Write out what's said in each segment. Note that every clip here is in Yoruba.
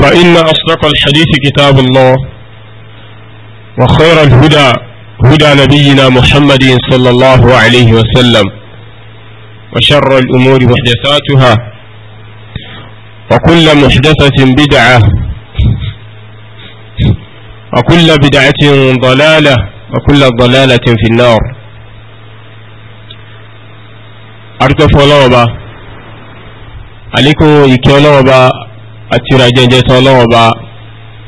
فإن أصدق الحديث كتاب الله وخير الهدى هدى نبينا محمد صلى الله عليه وسلم وشر الأمور محدثاتها وكل محدثة بدعة وكل بدعة ضلالة وكل ضلالة في النار أرتفع لوبا عليكم يكي àtìrà jẹjẹ tán lọ́wọ́ bá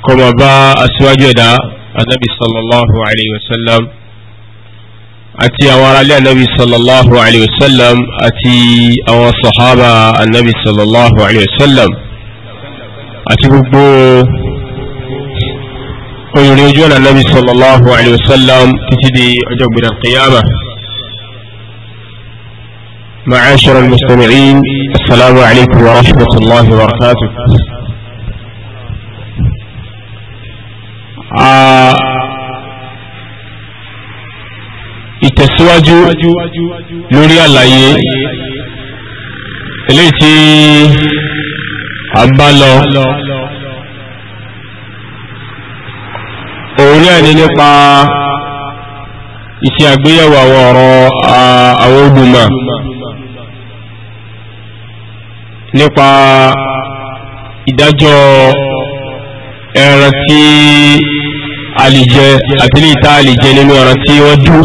kọmọ bá aṣíwájú ẹ̀dá anábì sallallahu alayhi wa sallam àti àwọn aráalé anábì sallallahu alayhi wa sallam àti àwọn sàhábà anábì sallallahu alayhi wa sallam àti gbogbo olùrìn ojú ọ̀nà anábì sallallahu alayhi wa sallam títí di ọjọ́ gbìdàn qiyamah. معاشر المستمعين السلام عليكم ورحمة الله وبركاته ìtẹ̀síwájú lórí àlàyé eléyìí tí a bá lọ òun náà ni nípa ìṣe àgbéyẹ̀wò àwọn ọ̀rọ̀ àwọn olùmọ̀ nípa ìdájọ́ ẹran tí a lè jẹ àti ní ìta a lè jẹ nínú ẹran tí wọ́n dú.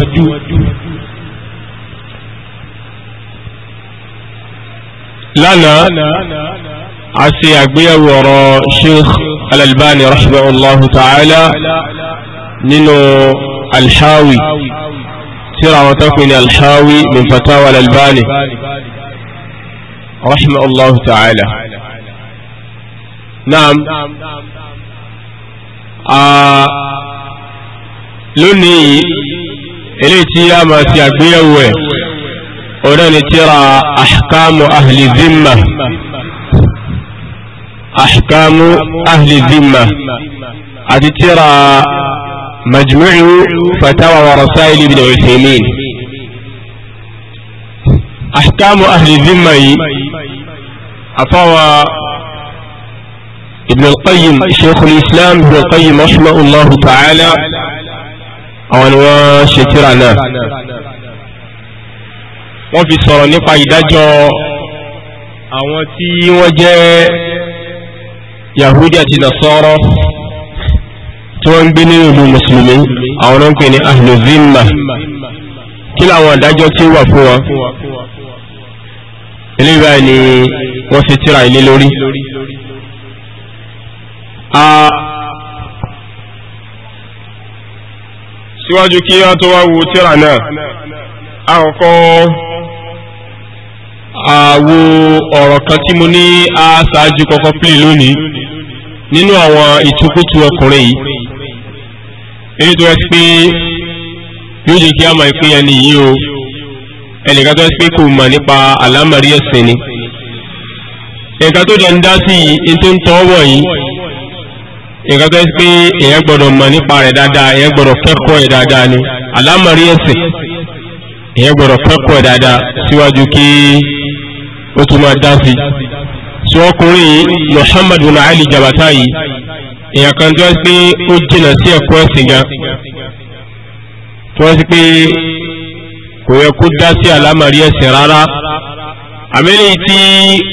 lánàá a ṣe àgbéyẹ̀wò ọ̀rọ̀ sheikh al-albani ta'ala nínú alhawi tíra àwọn tó pè ní alhawi min fatawa al رحمه الله تعالى نعم آه لوني إلي يا ما سيقبيه أولاني ترى أحكام أهل الذمة أحكام أهل الذمة أتترى مجموع فتاوى ورسائل ابن عثيمين ahkamu ahli dhimma yìí ابن القيم شيخ qayyim ابن القيم ibn الله تعالى rahimahullahu ta'ala àwọn ni wọ́n ṣe tírà náà wọ́n fi sọ̀rọ̀ nípa ìdájọ́ àwọn tí wọ́n jẹ́ yahudi àti nasọ́rọ́ tí wọ́n ń gbé nínú ìlú mùsùlùmí àwọn náà ń pè ní ahluzimma kí làwọn ìdájọ́ tí ó wà fún wọn eléyìí báyìí ni wọ́n ṣe tíra ilé lórí. síwájú kí a tó wá wo tíra náà a kọ́kọ́ àwo ọ̀rọ̀ kan tí mo ní aṣáájú kọ́kọ́ pè lónìí nínú àwọn ìtukùtù ọkùnrin yìí èyí tó yẹ pé yóò jẹ́ kí a mọ̀ ìpínyà nìyí o ẹnìkan tó pé kò mọ̀ nípa àlámàrí ẹ̀sìn ni nǹkan tó dẹ̀ ń dá sí yìí tó ń tọ́wọ̀ yìí nǹkan tó pé èèyàn gbọ́dọ̀ mọ̀ nípa rẹ̀ dáadáa èèyàn gbọ́dọ̀ kẹ́kọ̀ọ́ ẹ̀ dáadáa ni àlámàrí ẹ̀sìn èèyàn gbọ́dọ̀ kẹ́kọ̀ọ́ ẹ̀ dáadáa síwájú kí ó tún máa dá sí sọ ọkùnrin Muhammad bin Ali Jabata yìí èèyàn kan tó pé ó jìnà sí ẹ̀kọ́ ẹ̀sìn gan tó wọ́n sì kò yẹ kó dá sí àlámàrí ẹ̀sìn rárá àmẹ́lẹ̀ tí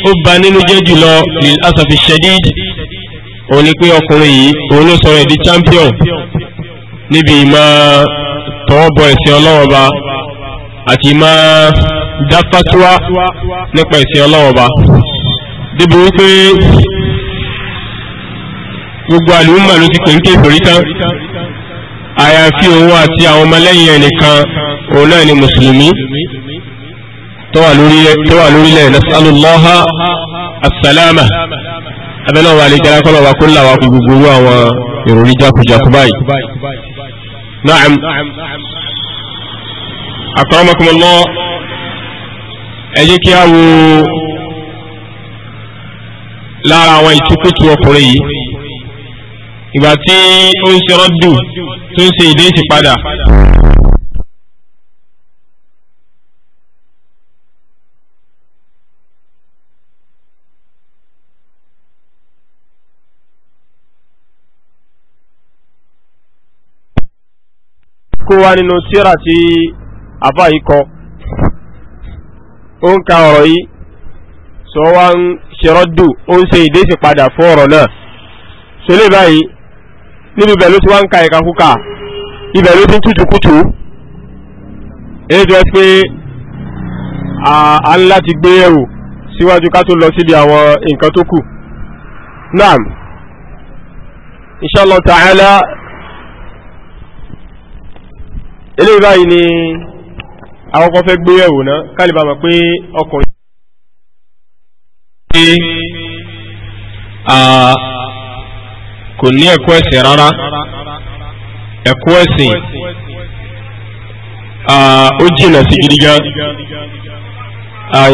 ó ba nínú jẹ́ jùlọ lil asafi shadid òun ni pé ọkùnrin yìí òun ló sọ̀rọ̀ ẹ̀dí champion níbi ìmọ̀ tọwọ́ bọ ẹ̀sìn ọlọ́wọ́ ba àti ìmọ̀ dáfátúwá nípa ẹ̀sìn ọlọ́wọ́ ba débi wípé gbogbo àlùmọ̀ ló ti pè ń kéferì tán àyàfi òun àti àwọn ọmọlẹ́yìn ẹnìkan òun náà ni mùsùlùmí tó wà lórílẹ̀ nasalullaha asalama abẹ́lẹ̀ wà lè kẹ́lá kọ́lọ̀ wà kó là wà kó gbogbo àwọn ìròrí jákujàku báyìí. Naam. Akramakumullah ẹ jẹ́ kí a wo lára àwọn ìtukùtù ọkùnrin yìí ìgbà tí ó ń ṣe rọ́dù tó ń ṣe ìdí ìsìpadà. kó wá nínú tíra tí àbá yìí kọ ó ń ka ọ̀rọ̀ yìí sọ wá ń ṣerọ́dù ó ń ṣe ìdésì padà fún ọ̀rọ̀ náà ṣẹlẹ̀ báyìí níbi ibẹ̀ ló ti wá ń ka ìkakúkà ibẹ̀ ló ń tútùkútù èyí tó ẹ pé a ń láti gbé ẹrù síwájú ká tó lọ síbi àwọn nǹkan tó kù naam inshallah ta'ala eléyìí báyìí ni àkọ́kọ́ fẹ́ gbé ẹ̀wò náà kálíbà mọ̀ pé ọkọ̀ yìí kò ní ẹ̀kọ́ ẹ̀sìn rárá ẹ̀kọ́ ẹ̀sìn ó jìnà sí gidi gan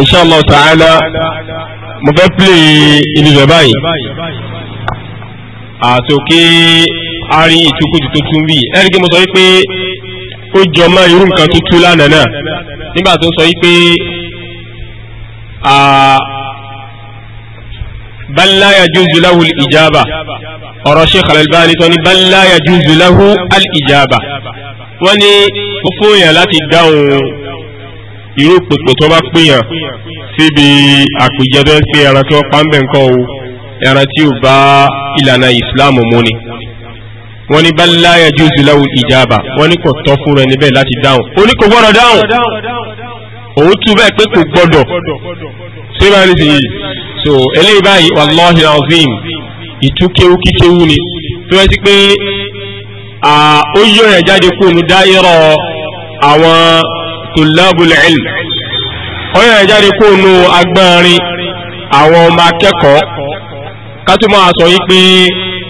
insha Allah ta'ala mo fẹ́ pè ibi rẹ̀ báyìí àtòkè a rí ìtukùtù tó tún bí ẹ̀rí kí mo sọ wípé ó jọ mọ́ irú nǹkan tó tú lánàá náà nígbà tó sọ wípé bal la yajuzu lahu al-ijaba ọ̀rọ̀ Sheikh Al-Albani tó ní bal la yajuzu lahu al-ijaba wọ́n ní ó fún èèyàn láti dáhùn irú pèpè tó bá pèèyàn síbi àpèjẹ tó ń ẹran tí wọ́n pa ń bẹ̀ ń kọ́ o ẹran tí ò bá ìlànà ìsìláàmù mú ni wọ́n ní bal la yajuzu lahu al-ijaba wọ́n ní kò tọ́ fún rẹ̀ níbẹ̀ láti dáhùn ó ní kò gbọ́dọ̀ dáhùn òun tún bẹ́ẹ̀ pé kò gbọ́dọ̀ ṣé máa ní sèyí so eléyìí báyìí wallahi alazim ìtú kéwú kí ni tó yẹ sí pé ó yọ ẹ̀ jáde kó nu dáírọ̀ àwọn tullabul ó yọ ẹ̀ jáde kó nu agbárin àwọn ọmọ akẹ́kọ̀ọ́ ká tó máa sọ yí pé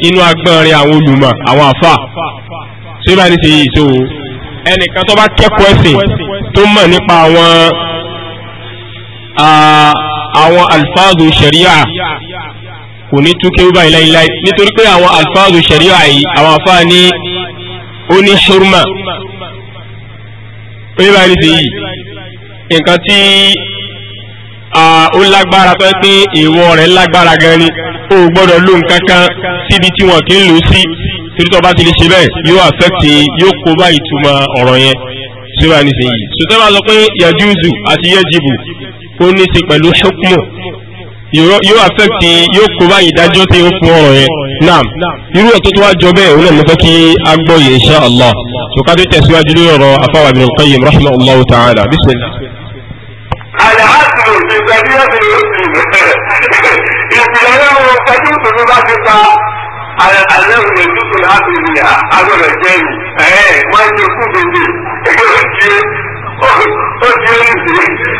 inú agbọ́nrin àwọn olùmọ̀ àwọn àfà ṣé bá ní ṣe yìí tó ẹnìkan tó bá kẹ́kọ̀ọ́ ẹ̀sìn tó mọ̀ nípa àwọn ah, àwọn alfáàzù ṣẹ̀ríà kò ní tú kéwú báyìí láíláí nítorí pé àwọn alfáàzù ṣẹ̀ríà yìí àwọn àfà ní ó ṣé bá ní ṣe yìí nǹkan tí ah, ó lágbára tó ẹ pé èèwọ̀ rẹ̀ lágbára gan ni o gbọ́dọ̀ lò nǹkan kan síbi tí wọn kì í lò sí torí tó bá ti lè ṣe bẹ́ẹ̀ yóò àfẹ́kì yóò kó bá ìtumọ̀ ọ̀rọ̀ yẹn tí ó wà nísìnyí sọtẹ́ bá sọ pé yajuzu àti yajibu ó ní ṣe pẹ̀lú hukmu yóò affect yóò kó bá ìdájọ́ tí ó fún ọ̀rọ̀ yẹn naam irú ọ̀tọ́ tó wá jọ bẹ́ẹ̀ ó lè mú fẹ́ kí a gbọ́ yìí insha allah tó ká tó tẹ̀síwájú lórí ọ̀rọ̀ afáwà ibn al-qayyim rahman allah ta'ala bismillah. àyà á ti lò sí ìgbà bí wọ́n ti lò sí ìgbà ìtẹ́jú tòun bá ti pa àlẹ́ òye dúkù láti rí agbọ̀dọ̀ jẹ́ yìí ẹ̀ wọ́n ti kú bèbè ẹgbẹ́ òjì òjì òjì.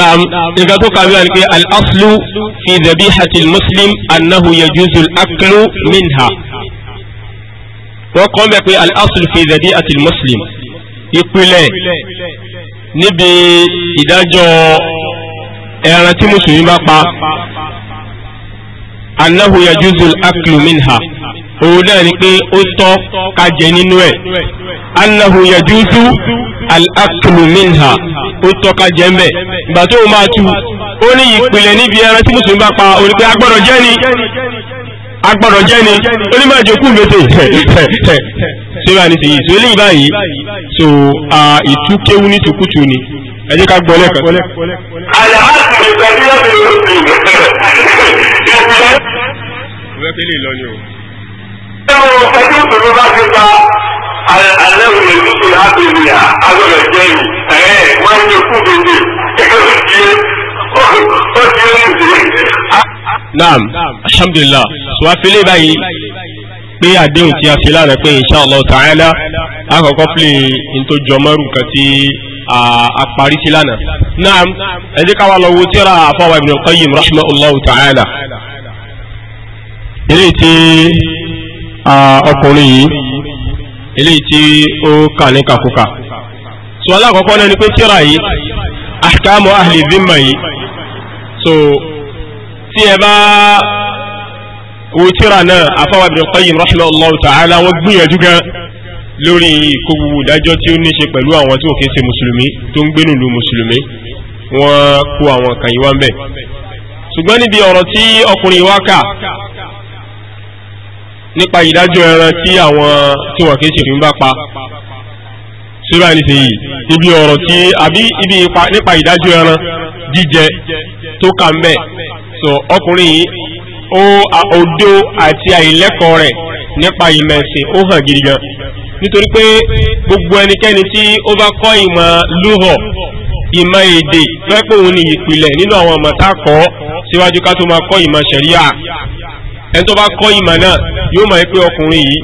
نعم إذا توقع ذلك الأصل في ذبيحة المسلم أنه يجوز الأكل منها وقام بقي الأصل في ذبيحة المسلم يقول níbi ìdájọ́ ẹran tí mùsùlùmí bá pa annahu yajuzul aklu minha òun náà ni pé ó tọ́ ká jẹ nínú ẹ̀ annahu yajuzu al-aklu minha ó tọ́ ká jẹ mbẹ̀ ìgbà tó máa tu ó ní ìpìlẹ̀ níbi ẹran tí mùsùlùmí bá pa òun pé agbọ́dọ̀ jẹ́ ni agbọ́dọ̀ jẹ́ ni onímọ̀ ìjókù mẹ́tẹ̀ síra ní tìyí tó léyìn báyìí so ìtú ní tòkútù ni ẹ jẹ́ ká gbọ́ lẹ́kọ̀ọ́. àyà á sì pẹ̀lú ẹgbẹ̀rún rẹ́pẹ́ lè lọ ni o. ẹnu ẹni ìṣòro bá ti pa alẹ́ òye títí àbẹ̀lẹ̀ àgbẹ̀rẹ̀ jẹ́yìn ẹ̀ wọ́n ní kú bèbè ẹ̀rọ ti ó ti ó ti naam alhamdulilah so a fele báyìí pé àdéhùn a ṣe lánàá pé inshallah ta'ala a kọ́kọ́ pè ntòjọmọ́rù kan tí a parí sí lánàá naam ẹ jẹ́ ká wá lọ wo tírà àfọwọ́ ibn qayyim rahmatulah ta'ala eléyìí tí ọkùnrin yìí eléyìí tí ó kà ní kàkúkà so alákọ̀ọ́kọ́ náà ni pé tíra yìí ahkamu ahli yìí so tí ẹ bá wo tíra náà afáwà Ibn Qayyim ta'ala wọ́n gbìyànjú gan lórí kó gbogbo ìdájọ́ tí ó ní ṣe pẹ̀lú àwọn tí òkè ṣe mùsùlùmí tó ń gbénú lu mùsùlùmí wọ́n kó àwọn kan yìí wá ń bẹ̀ ṣùgbọ́n níbi ọ̀rọ̀ tí ọkùnrin wá kà nípa ìdájọ́ ẹran tí àwọn tí wọ́n kìí ṣèfín bá pa síbà nísìnyí ibi ọ̀rọ̀ tí àbí ibi ipa nípa ìdájọ́ ẹran jíjẹ tó kà ń bẹ̀ so ọkùnrin yìí ó òdo àti àìlẹ́kọ̀ọ́ rẹ̀ nípa ìmọ̀ ẹ̀sìn ó hàn gidi gan nítorí pé gbogbo ẹnikẹ́ni tí ó bá kọ́ ìmọ̀ lúhọ̀ ìmọ̀ èdè pẹ́pẹ́ òun ni ìpìlẹ̀ nínú àwọn ọmọ tá a kọ́ síwájú ká tó máa kọ́ ìmọ̀ ṣẹ̀ríà ẹni tó bá kọ́ ìmọ̀ náà yóò mọ̀ pé ọkùnrin yìí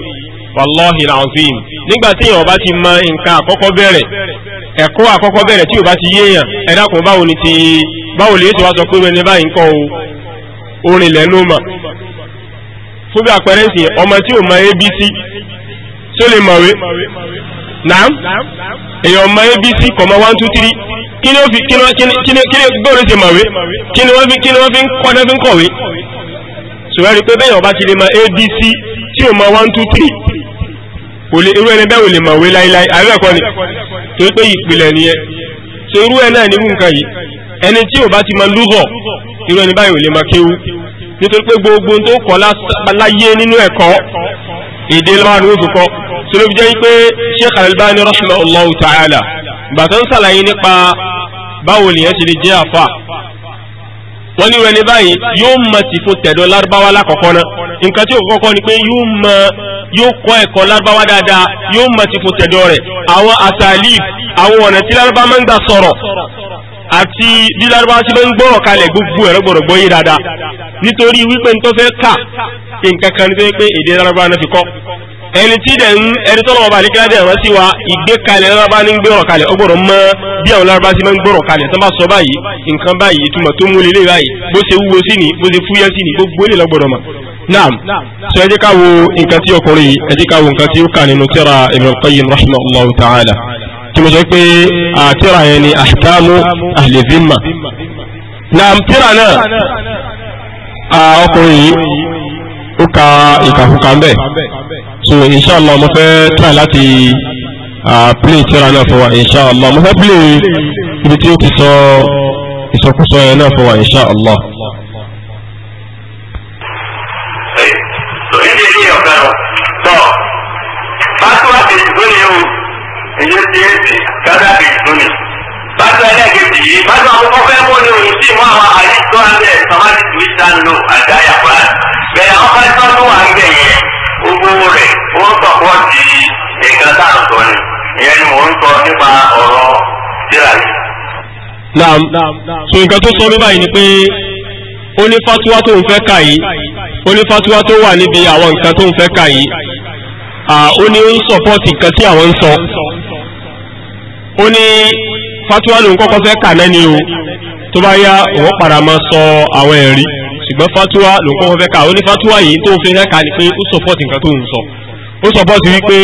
wàláhì làǹfìm nígbà tí èèyàn bá ti mọ nǹkan àkọ́kọ́ bẹ̀rẹ̀ ẹ̀kọ́ àkọ́kọ́ bẹ̀rẹ̀ tí ò bá ti yéèyàn ẹ dákun báwo ni ti báwo lè tó wá sọ pé wẹni báyìí ń kọ́ o orin ilẹ̀ ló mọ̀ fún bí àpẹẹrẹ ń sìn ọmọ tí ò mọ abc tó lè mọ̀wé naam èèyàn mọ abc kò mọ one two three kí ni ó fi kí ni kí ni kí ni gbọ́dọ̀ ṣe mọ̀wé kí ni wọ́n fi kí ni wọ́n fi ń kọ́ sọ̀rọ̀ rí pé bẹ́yàn bá ti lè mọ adc tí ò mọ one two three kò lè irú ẹni bẹ́ẹ̀ ò lè mọ̀ wé láíláí àríwá ẹ̀kọ́ ni torí pé ìpìlẹ̀ nìyẹn so irú ẹ náà nírú nǹkan yìí ẹni tí o bá ti mọ lúgọ̀ irú ẹni báyìí ò lè mọ kéwú nítorí pé gbogbo tó kọ́ láyé nínú ẹ̀kọ́ èdè lọ́wọ́ ni ó fi kọ́ so ló fi jẹ́ pé Sheikh Al-Albani rahimahullahu ta'ala bàtà ń sàlàyé nípa báwo lèyàn ti lè jẹ́ àfà wọ́n ní wẹni báyìí yóò mọ tìfo tẹ̀dọ̀ lárúbáwá lákọ̀ọ́kọ́ náà nǹkan tí ó kọ́kọ́ ni pé yóò mọ yóò kọ́ ẹ̀kọ́ lárúbáwá dáadáa yóò mọ tìfo tẹ̀dọ̀ rẹ̀ àwọn àtàlí àwọn ọ̀nà tí lárúbá máa ń gbà sọ̀rọ̀ àti bí lárúbáwá ti máa ń gbọ́rọ̀ kalẹ̀ gbogbo ẹ̀rọ gbọ́dọ̀ gbọ́ yé dáadáa nítorí wípé ń tó nǹkan kan ní pé èdè lárúbáwá náà fi kọ́ ẹni tí dẹ̀ ń ẹni tó lọ́wọ́ bá ní kíládẹ̀ ẹ̀rọ sí wa ìgbékalẹ̀ lọ́ba ní gbọ́rọ̀ kalẹ̀ ó gbọ́dọ̀ mọ bí àwọn lọ́ba sí máa ń gbọ́rọ̀ kalẹ̀ tó bá sọ báyìí nǹkan báyìí ìtumọ̀ tó mú lélẹ̀ báyìí bó ṣe wúwo sí ni bó ṣe fúyẹ́ sí ni gbogbo èlé lọ́gbọ̀dọ̀ mọ̀. naam sọ ẹ jẹ́ ká wo nǹkan tí ọkùnrin yìí ẹ jẹ́ ká wo nǹkan tí ó kà nínú tírà Ibn Qayyim ta'ala tí mo sọ pé tírà yẹn ni ahkamu ahli dhimma naam tírà náà ọkùnrin yìí ó ka ìkàkùkà ń bẹ̀ so inshallah mo fẹ́ try láti play tíra náà fún wa inshallah mo fẹ́ play ibi tí ó ti sọ ìsọkúsọ yẹn náà fún wa inshallah. Bájọ́ àkọ́kọ́ fẹ́ mú ní òun sí mọ́ àwọn àyíkọ́ àgbẹ̀ sọ́mátì tó ń sá lò àdáyà fún wa. Bẹ̀rẹ̀ ọkọ̀ ẹ̀sán tó wà ń bẹ̀ rẹ̀ wọ́n sọ̀pọ̀ ti ẹ̀ka tá sọ ni ìyẹn ni mò ń sọ nípa ọ̀rọ̀ síra yìí. so nǹkan tó sọ ní báyìí ni pé ó ní fatuwa tó ń fẹ́ kà yìí ó ní fatuwa tó wà níbi àwọn nǹkan tó ń fẹ́ kà yìí ó ní ó ń sọ̀pọ̀tì nǹkan tí àwọn ń sọ ó ní fatuwa ló ń kọ́kọ́ fẹ́ kà o tó bá yá òun padà sọ àwọn ṣùgbọ́n fatuwa ló ń kọ́kọ́ fẹ́ ká ó ní fatuwa yìí tó fi rẹ́ka ni pé ó sọpọ́ọ̀tì nǹkan tó ń sọ ó sọpọ́ọ̀tì wípé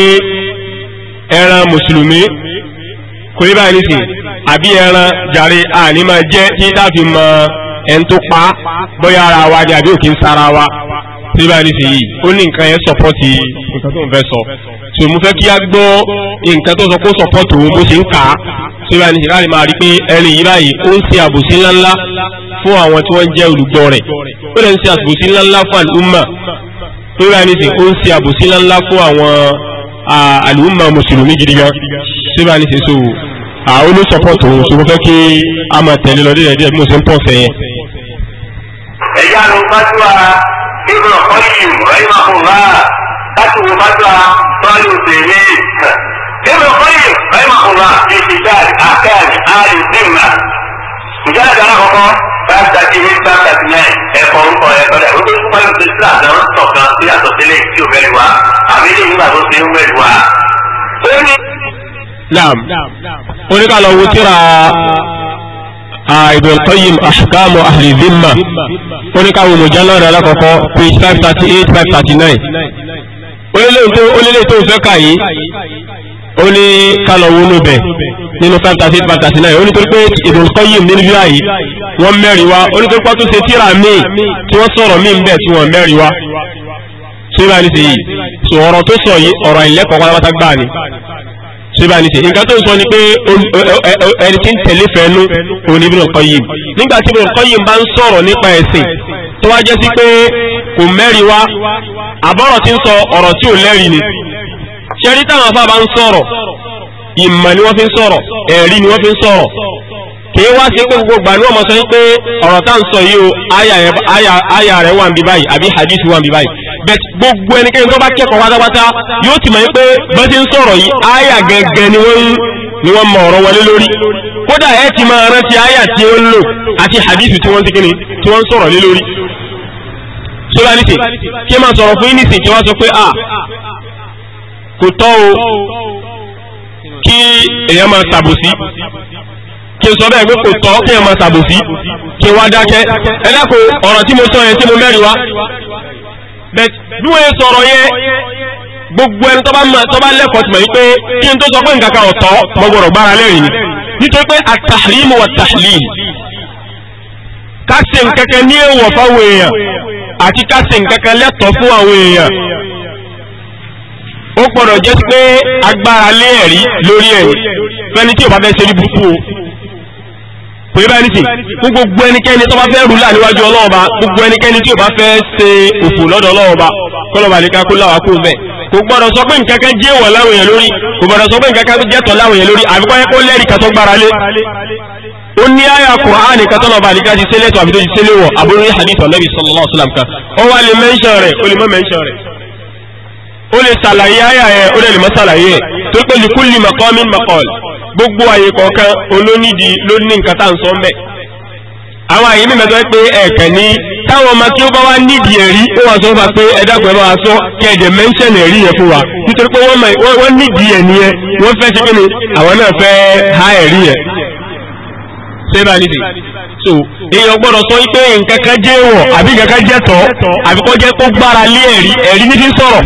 ẹran mùsùlùmí kò ní báyìí nísìn àbí ẹran jàre àní máa jẹ́ kí láti mọ ẹni tó pa bóyá ara wa ni àbí òkè ń sara wa kò ní báyìí nísìn yìí ó ní nǹkan yẹn sọpọ́ọ̀tì nǹkan tó ń fẹ́ sọ tò mú fẹ́ kí á gbọ́ nǹkan tó sọ kó sọpọ́ọ̀tì òun bó ṣe ń kà á kò báyìí nísìn láti máa rí pé ẹni yìí báyìí ó ń ṣe àbòsí ńláńlá fún àwọn tí wọ́n jẹ́ olùgbọ́ rẹ̀ ó lè ń ṣe àbòsí ńláńlá fún àlùmà tó rà ní sìn ó ń ṣe àbòsí ńláńlá fún àwọn àlùmà mùsùlùmí gidi gan tó rà ní sìn so àwọn olùsọpọ̀tò òun so mo fẹ́ kí a máa tẹ̀lé lọ díẹ̀ díẹ̀ mo ṣe ń pọ̀ sẹ́yìn. ẹ̀yà ló bá tó a ibùdó kọ́yìn rẹ́yìn àkùnrà láti wo bá tó a tọ́lú tèmi ibùdó kọ́yìn rẹ́yìn àkùnrà ìṣìṣẹ́ àkáàdì àìsíǹnà ìjọba kan àkọ́kọ́ five thirty eight five thirty nine ẹ̀kọ́ orúkọ rẹ̀ sọ́dọ̀ ẹ̀kọ́ tó súnmọ́ ìlú sílá àdáwọ̀ sọ̀kan sí àtọ̀sílẹ̀ tí ò fẹ́ẹ́ wá àbí ní ìgbà tó ṣe ń wẹ̀ wá. naam oníkàlọ̀ wo tíra Ibn Qayyim ahkamu ahli dhimma oníkàwọ̀ mọ̀jálọ̀ rẹ̀ alákọ̀ọ́kọ́ page five thirty eight five thirty nine onílé tó fẹ́ kà ó ní kálọ̀wó ló bẹ̀ nínú five thirty eight five thirty nine ó ní torí pé Ibn Qayyim nínú bíbá yìí wọ́n mẹ́rin wá ó ní torí pé tó ṣe tíra míì tí wọ́n sọ̀rọ̀ míì ń bẹ̀ tí wọ́n mẹ́rin wá ṣé bá ní ṣe yìí sọ ọ̀rọ̀ tó sọ yìí ọ̀rọ̀ ìlẹ́kọ̀ọ́ pátápátá gbà ni ṣé bá ní ṣe nǹkan tó ń sọ ni pé ẹni tí ń tẹ̀lé fẹ́nu òní Ibn Qayyim nígbà tí Ibn Qayyim bá ń sọ̀rọ̀ ni ṣẹ́rí táwọn afá bá ń sọ̀rọ̀ ìmọ̀ ni wọ́n fi ń sọ̀rọ̀ ẹ̀rí ni wọ́n fi ń sọ̀rọ̀ kìí wá sí pé gbogbo gbà ní ọmọ sọ pé ọ̀rọ̀ tá ń sọ yìí o àyà rẹ̀ wà ń bí báyìí àbí hadith wà ń bí báyìí bẹ́ẹ̀ gbogbo ẹnikẹ́ni tó bá kẹ́kọ̀ọ́ pátápátá yóò ti mọ̀ pé bẹ́ẹ̀ ti ń sọ̀rọ̀ yìí àyà gẹ́gẹ́ ni wọ́n ni wọ́n mọ ọ̀rọ̀ wọlé lórí kódà ẹ ti máa rántí àyà tí wọ́n ń lò àti hadith tí wọ́n ti kíni tí wọ́n ń sọ̀rọ̀ lé lórí. sólà nìsín kí a kò tọ́ o kí èèyàn máa tàbùsí kí n sọ bẹ́ẹ̀ pé kò tọ́ kí èèyàn máa tàbùsí kí n wá dákẹ́ ẹ dákò ọ̀rọ̀ tí mo sọ yẹn tí mo mẹ́rin wá bẹ́ẹ̀ bí wọ́n yẹ sọ̀rọ̀ yẹn gbogbo ẹni tó bá lẹ́kọ̀ọ́ ti mọ̀ wípé kí n tó sọ pé nǹkan kan ọ̀tọ̀ mo gbọ́dọ̀ gbára lẹ́rìn ni nítorí pé àtàlímù wà tàlímù ká ṣe nǹkankan ní èèwọ̀ fáwọn èèyàn àti ká ṣe nǹkankan lẹ́tọ̀ọ́ fún àwọn èèyàn ó gbọ́dọ̀ jẹ́ pé agbára lé ẹ̀rí lórí ẹ̀rí fẹ́ni tí ò bá fẹ́ ṣe ní burúkú o kò yẹ báyìí nìsín fún gbogbo ẹnikẹ́ni tó bá fẹ́ rúlà níwájú ọlọ́ọ̀ba gbogbo ẹnikẹ́ni tí ò bá fẹ́ ṣe òfò lọ́dọ̀ ọlọ́ọ̀ba kọlọ̀bà ní kakú láwà kú bẹ́ẹ̀ kò gbọ́dọ̀ sọ pé nǹkan kan jẹ́ ìwọ̀ láwọn èèyàn lórí kò gbọ́dọ̀ sọ pé nǹkan kan jẹ́ tọ̀ láwọn èèyàn lórí àfikún ẹ̀ kó lẹ́rìí kan tó gbára lé ó ní àyà Qur'an nìkan tọ́lọ̀ bá nìkan ti sẹ́lẹ̀ tó àbí tó ti sẹ́lẹ̀ wọ̀ àbúrò ní hadith Ànábì sallallahu alaihi kan ó wá lè mẹ́ńṣọ̀ rẹ̀ ó lè mọ́ mẹ́ńṣọ̀ rẹ̀ ó lè ṣàlàyé àyà ẹ̀ ó lè lè mọ́ ṣàlàyé ẹ̀ tó pé likulli maqamin maqal gbogbo àyè kọ̀ọ̀kan olónídi ló ní nǹkan tá à ń sọ mẹ́ àwọn àyè mi mẹ́tọ́ pé ẹ̀kẹ́ ní táwọn ọmọ tí ó bá wá nídìí ẹ̀rí ó wà sọ fún wa pé ẹ̀dàgbọ́ ẹ̀ bá wa sọ kí ẹ̀jẹ̀ mẹ́ńṣẹ̀nì ẹ̀rí yẹn fún wa nítorí pé wọ́n nídìí ẹ̀ nìyẹn wọ́n fẹ́ ṣe kí ni àwọn náà fẹ́ há ẹ̀rí yẹn sẹ́bà nídìí so èèyàn gbọ́dọ̀ sọ wípé nǹkan kan jẹ́ èèwọ̀ àbí nǹkan kan jẹ́ tọ́ àbí kó jẹ́ kó gbára lé ẹ̀rí ẹ̀rí ní ti sọ̀rọ̀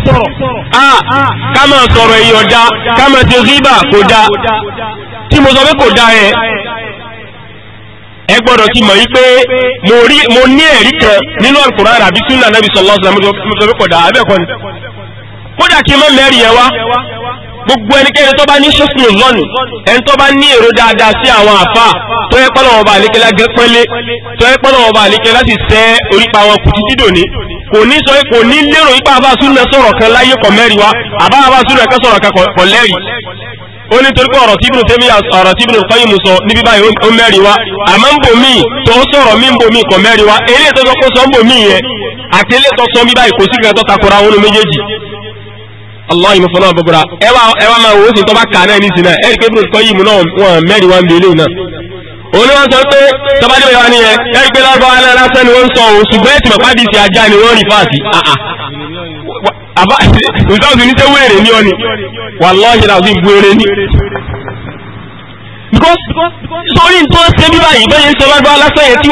ká máa sọ̀rọ̀ èèyàn dá ká máa ti ríbà kò dá tí mo sọ pé kò dá yẹn ẹ gbọ́dọ̀ ti mọ̀ wípé mo ní ẹ̀rí kan nínú Al-Qur'an àbí sunna Nabi sallallahu alaihi wasallam mo sọ pé kò dá abẹ́ẹ̀kọ́ ni kódà kí n má mẹ́rin yẹn wá gbogbo ẹnikẹ́ni tó bá ní ṣọ́sùnù lọ́nì ẹni tó bá ní èrò dáadáa sí àwọn àfà tó yẹ pọ́nà ọba àlékẹ́lá gẹ́pẹ́lé tó yẹ pọ́nà ọba àlékẹ́lá sì sẹ́ orípa wọn kùtù dídò ní kò ní sọ kò ní lérò ipa àbá súnmẹ sọ̀rọ̀ kan láyé kọ̀ mẹ́rin wa àbá àbá súnmẹ kan sọ̀rọ̀ kan kọ̀ lẹ́rìí ó ní torí pé ọ̀rọ̀ tí ibùdó tẹ́mi ọ̀rọ̀ tí ibùdó kọ́yìn mu sọ níbi báyìí ó mẹ́rin wa àmọ́ ń bò míì tó sọ̀rọ̀ mí ń bò míì kọ̀ mẹ́rin wa eléyìí tó sọ kó sọ ń bò míì yẹn àti eléyìí tó sọ ń báyìí kò sí kankan tó takora wọn méjèèjì allah mo fọlọ́ bọ̀bọ̀ra ẹ wá ẹ wá máa wo sí tọ́ba kà náà nísìnyí náà ẹ̀rí pé bí nǹkan yìí mu náà wọ́n mẹ́rin wá ń bèèrè náà. òun ni wọ́n sọ o tọ́ba dé wà nìyẹn ẹ̀rí pé lọ́ba alẹ́ lásán ni wọ́n sọ òun ṣùgbọ́n ẹ̀tì bàbá di ti ajá ni wọ́n rí fáàsì. Ah, ah. àbá ìtọ́jú ní sẹ́ wéèrè ní ọ̀nì wallahi làwọn ìbú eré ní. sórí tó ń ṣe bíbá yìí bẹ́ẹ̀ ń sọ lọ́dọ̀ alásán yẹn tí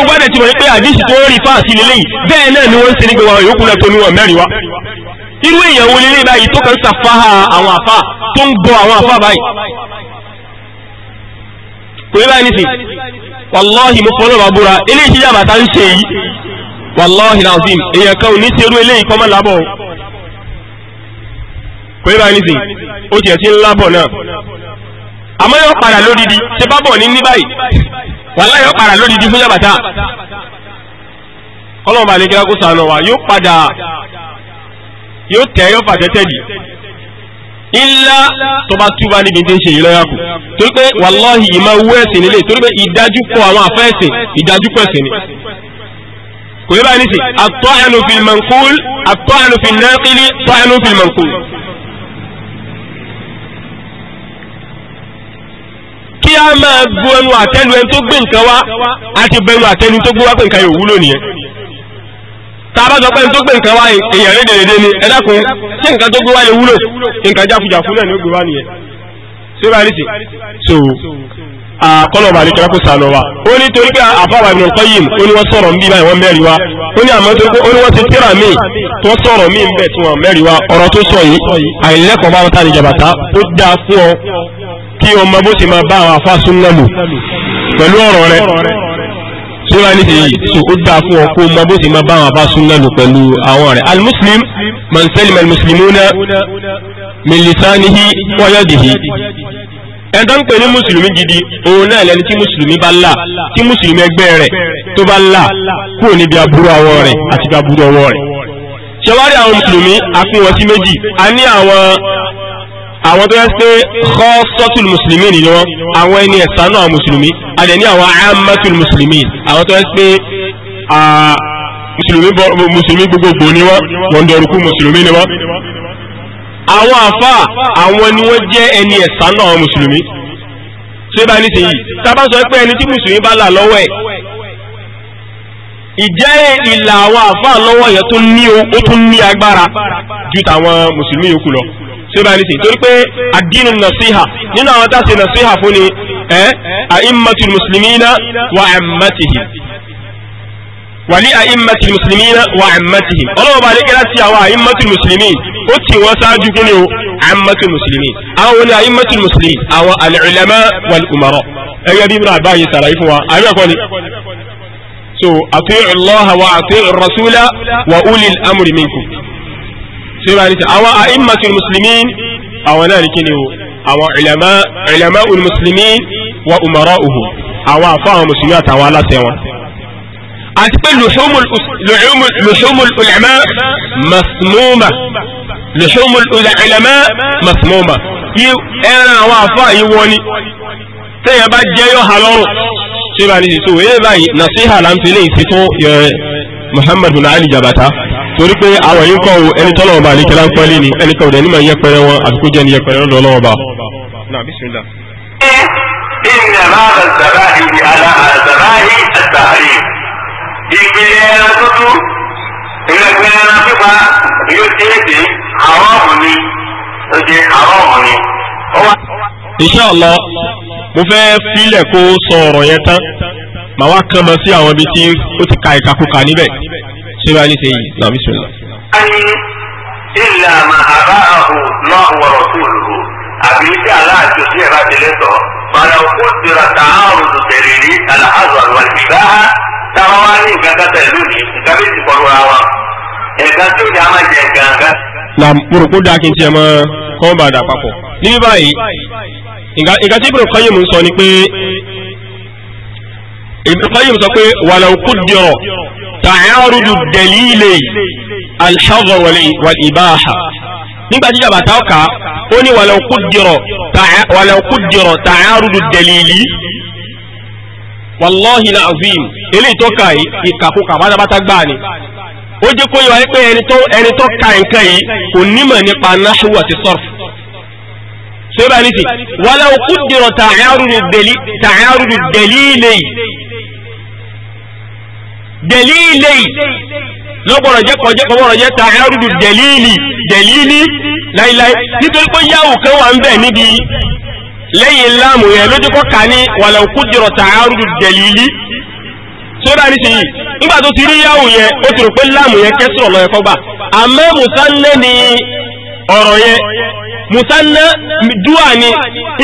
gbogbo ẹ̀ irú èèyàn wo lélẹ́ báyìí tó kàn sàfáhà àwọn àfà tó ń bọ àwọn àfà báyìí kò ní báyìí nìsín wàláhì mo fọ́ lọ́ba búra eléyìí tí jàbàtà ń ṣe yìí wàláhì làzim èèyàn kan ò ní ṣerú eléyìí kọ́mọ́ lábọ̀ kò ní báyìí nìsín ó tiẹ̀ sí ńlábọ̀ náà àmọ́ yóò padà lódìdí ṣe bá bọ̀ ní ní báyìí yóò padà lódìdí fún yóò tẹ̀ yóò fàtẹ́tẹ́ dì ńlá tó bá túbá níbi tí ń ṣe ìlọ́yà kù torí pé wàláhì ìmọ̀ owó ẹ̀sìn nílé torí pé ìdájúkọ àwọn àfẹ́ẹ̀sìn ìdájúkọ ẹ̀sìn ni kò yẹ báyìí nísìn àtọ́ ẹnu fi mọ̀nkúl àtọ́ ẹnu fi nẹ́ẹ̀kìlì tọ́ ẹnu fi mọ̀nkúl. kí a máa bu ẹnu àtẹnu ẹni tó gbé nǹkan wá àti bẹnu àtẹnu tó gbé wá pé nǹkan yóò wúlò nìyẹn tàbá sọ pé n tó gbé nǹkan wá èèyàn léde léde ni ẹ dákun ṣé nǹkan tó gbé wá wúlò nǹkan jáfujàfu náà ni ó gbé wá nìyẹn ṣé bá rí sí so kọlọba ní kíláàkù sànù wa ó ní torí pé àfàwà Ibn Qayyim ó ní wọ́n sọ̀rọ̀ ń bí báyìí wọ́n mẹ́rin wa ó ní àmọ́ tó ó ní wọ́n ti tíra mi tó sọ̀rọ̀ mi ń bẹ̀ tí wọ́n mẹ́rin wa ọ̀rọ̀ tó sọ yìí àìlẹ́kọ̀ọ́ bá wọn ta ní jàbàtà ó dáa fún ọ kí ọmọ bó ti máa bá àwọn àfa súnmọ́ lò pẹ̀lú rẹ sórí àní ti yìí so ó dáa fún ọ kó mọ bó ti máa bá àwọn àbá súnmọ́ lò pẹ̀lú àwọn rẹ̀ alimuslim man salima alimuslimuna min lisanihi wa yadihi ẹni tó ń pè ní mùsùlùmí gidi òun náà lẹni tí mùsùlùmí bá là tí mùsùlùmí ẹgbẹ́ rẹ̀ tó bá là kúrò níbi aburú ọwọ́ rẹ̀ àti aburú ọwọ́ rẹ̀ ṣẹwárí àwọn mùsùlùmí àpín sí méjì a ní àwọn àwọn tó yẹ pé khassatul muslimin ni wọn àwọn ẹni ẹ̀sán náà mùsùlùmí àdẹ̀ ní àwọn ammatul muslimin àwọn tó yẹ pé mùsùlùmí gbogbogbò ni wọn wọn dọ̀rùkú mùsùlùmí ni wọn. àwọn àfa àwọn ni wọ́n jẹ́ ẹni ẹ̀sán náà mùsùlùmí tó yẹ bá ní sèyí sábà sọ pé ẹni tí mùsùlùmí bá là lọ́wọ́ ẹ̀ ìjẹ́ ìlà àwọn àfa lọ́wọ́ yẹn tó ní agbára ju tí ó bá ní sìn torí pé àdínú nàṣíhà nínú àwọn tá a ṣe nàṣíhà fún ni ẹ àìmọ̀tún mùsùlùmínà wà àmàtìhì wà ní àìmọ̀tún mùsùlùmínà wà àmàtìhì ọlọ́wọ́ bá dékẹ́ láti àwọn àìmọ̀tún mùsùlùmí ó tì wọ́n ṣáájú kí ni o àìmọ̀tún mùsùlùmí àwọn ni àìmọ̀tún mùsùlùmí àwọn al-ulama wal-umara ẹgbẹ́ bí mìíràn báyìí sàlàyé fún wa àbí ẹ̀kọ́ ni so àti Allah wa àti rasula wa ulil síbá ní sẹ́ àwọn àìmọ̀tún muslimin àwọn náà ní kí ni o àwọn ìlàmá ìlàmá ul muslimin wa umara uhu àwọn àfọ àwọn mùsùlùmí àtàwọn aláṣẹ wọn. àti pé lùsùmùl ìlàmá masmuma lùsùmùl ìlàmá masmuma ẹran àwọn àfọ àyè wọn ni tẹ́yẹ bá jẹ́ yóò hà lọ́rùn síbá ní sẹ́ so èyí báyìí nasiha là ń fi lè fi fún Muhammadu Ali Jabata torí pé àwọn yìí ń kọ́ ẹni tọ́lọ̀ ọba àníkẹ́lá ń pẹ́lẹ́ ni ẹni kọ́ ọ̀dẹ́ni máa yẹpẹrẹ wọn àdúgbò jẹ́ ni yẹpẹrẹ lọ́dọ̀ ọlọ́wọ́ ọba. ìgbìlẹ̀ ẹran tuntun ìgbìlẹ̀ ẹran pípa yóò ṣe é dé àwọn ọmọ mi ó ṣe àwọn ọmọ mi. inṣàlá mo fẹ́ filẹ̀ kó sọ ọ̀rọ̀ yẹn tán màá wá kán mọ sí àwọn ibi tí ó ti ka ìkakùkà níbẹ̀ ṣé bá ní ṣe yìí náà bí sùn. a ní ilà màhàbá àhùn náà wọ̀rọ̀ tó lò àbí tí aláàjò sí ẹ̀rọ àtẹlẹ́tọ̀ màdà òkú jura tààrùn tòtẹ̀lẹ̀ ní àlàáfíà wàlúùbá táwọn wá ní nǹkan kẹta ìlú ní nǹkan bí ti kọlu ra wa ẹ̀ka tó ní a máa jẹ gangan. na mùrùkú dáa kí n tiẹ̀ mọ́ kọ́ bá papọ̀ níbí báyìí nǹkan tí Ibn Qayyim sọ ni pé Ibn sọ pé wàlúùkú jọrọ̀ تعارض dẹ̀lílè alḥọ́gọ̀ والإباحة. ìbáhà nígbà tí jàbàtà ولو ó ní wàlẹ̀ òkúdìrọ̀ tààrùdù dẹ̀lílì wàlọ́hì náà azim eléyìí tó ka yìí ìkàkùkà bátabátá gbáà ni ó jẹ́ kó yọ pé ẹni tó ka nǹkan yìí kò nímọ̀ nípa náhù àti sọ́rfù sẹ́bàá ní ti wàlẹ̀ òkúdìrọ̀ tààrùdù dẹ̀lílè yìí dẹ̀líìlì lọ́gbọ̀rọ̀ jẹ́ kọ̀gbọ̀rọ̀ jẹ́ ta ẹrùdù dẹ̀líìlì dẹ̀líìlì láíláí nítorí pé yáwù kan wà ń bẹ̀ níbi lẹ́yìn láàmù yẹn lójú kọ́ ka ní wàlẹ̀kú jọrọ̀ ta ẹrùdù dẹ̀líìlì tó dá ní sèyí nígbà tó ti rí yáwù yẹn ó ti rò pé láàmù yẹn kẹ́sìrọ̀ lọ́yẹ kọ́ gbà àmọ́ musanne ni ọ̀rọ̀ yẹn musanne dúà ni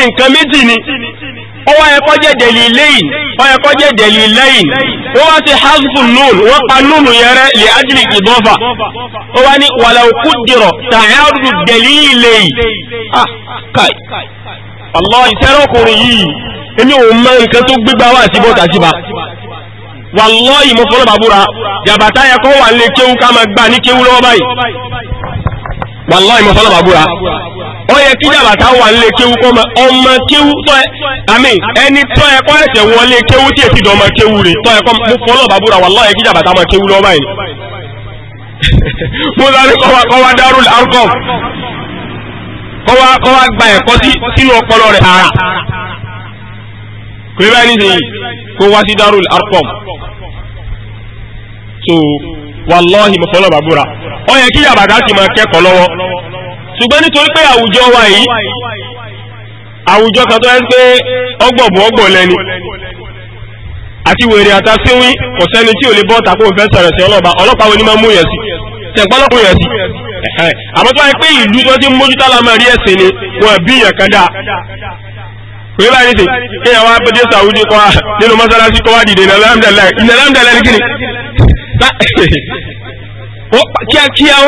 nǹkan méjì ni ó wá ẹ̀kọ́ jẹ́ dẹ̀lìlẹ́yìn ó ẹ̀kọ́ jẹ́ dẹ̀lìlẹ́yìn ó wá sí hasbun nun wọ́n pa nunu yẹrẹ lè ájìlì ìdọ́fà ó wá ní wàlàkú dìrọ̀ tàyàrù dẹ̀lìlẹ́yìn ah kai allah ìtẹ́rọ̀kùnrin yìí èmi ò mọ nǹkan tó gbégbá wá sí bọ́ta síba wàlọ́ọ̀yì mo fọ́lọ́ jàbàtà yẹ wà lè kéwú ká máa gbà ní kéwú lọ́wọ́ báyìí wàlọ́ọ̀yì mo fọ́lọ́ ó yẹ kí jàbàtà wà nílé kéwú kọ́ ma ọmọ kéwú tọ́ ẹ àmì ẹni tọ́ ẹ kọ́ ẹ̀sẹ̀ wọlé kéwú tí èsì dọ̀ ọmọ kéwú rè tọ́ ẹ kọ́ mo fọlọ́ bàbúrà wà lọ́ọ̀ yẹ kí jàbàtà ọmọ kéwú lọ́ọ́ báyìí mo sáré kọ́ wa dárú arkọ́m kọ́ wa kọ́ wa gba ẹ̀kọ́ sínú ọpọlọ rẹ̀ tààrà kò ní báyìí kó wá sí dárú arkọ́m so wàlọ́ọ̀hì mo fọlọ́ bàbúrà ó yẹ kí jàbàtà sì ṣùgbọ́n nítorí pé àwùjọ wa yìí àwùjọ kan tó yẹ pé ọgbọ̀bọ̀ ọgbọ̀ lẹ́ni àti wèrè àtàsíwí kò sẹ́ni tí ò lè bọ́ tàbí òfẹ́ sọ̀rọ̀ sí ọlọ́pàá ọlọ́pàá wo ni máa mú yẹn sí tẹ̀pọ́lọ́pọ̀ yẹn sí àmọ́ tó wáyé pé ìlú tó ti ń mójútó alámọ̀ rí ẹ̀sìn ni wọ́n bí yẹn kan dáa pé bá ní sè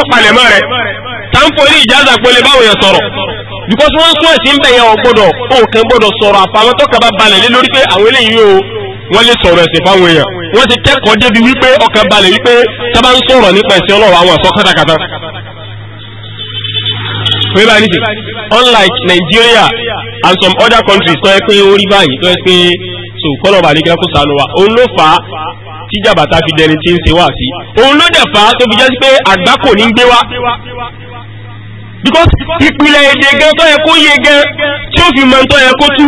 é yẹn wá kọ́ tàǹfọ̀rí ìjáza pẹ̀lú báwọn èèyàn sọ̀rọ̀ because wọ́n sún ẹ̀sìn bẹ̀ yẹn ọ̀gbọ́dọ̀ gbọ́dọ̀ sọ̀rọ̀ àfàwọn tó kaba balẹ̀ lé lórí pé àwọn eléyìí o wọ́n lè sọ̀rọ̀ ẹ̀sìn fáwọn èèyàn wọ́n ti kẹ́kọ̀ọ́ débi wípé ọkàn balẹ̀ wípé sábà ń sọ̀rọ̀ nípa ẹ̀sìn ọlọ́wọ́ àwọn ẹ̀sọ́ kátàkátà unlike Nigeria and some other countries tó yẹ pé ó rí báyìí tó so kọ́nà bàdé kí ẹkú sànù wa òun ló fà á tí jàbàtà fi dẹni tí ń ṣe wá sí òun ló dẹ̀ fà á tó jẹ́ sí pé àgbákò ní gbé wá because ìpìlẹ̀ èdè gan tó yẹ kó yé gan tí ó fi mọ̀ tó yẹ kó tú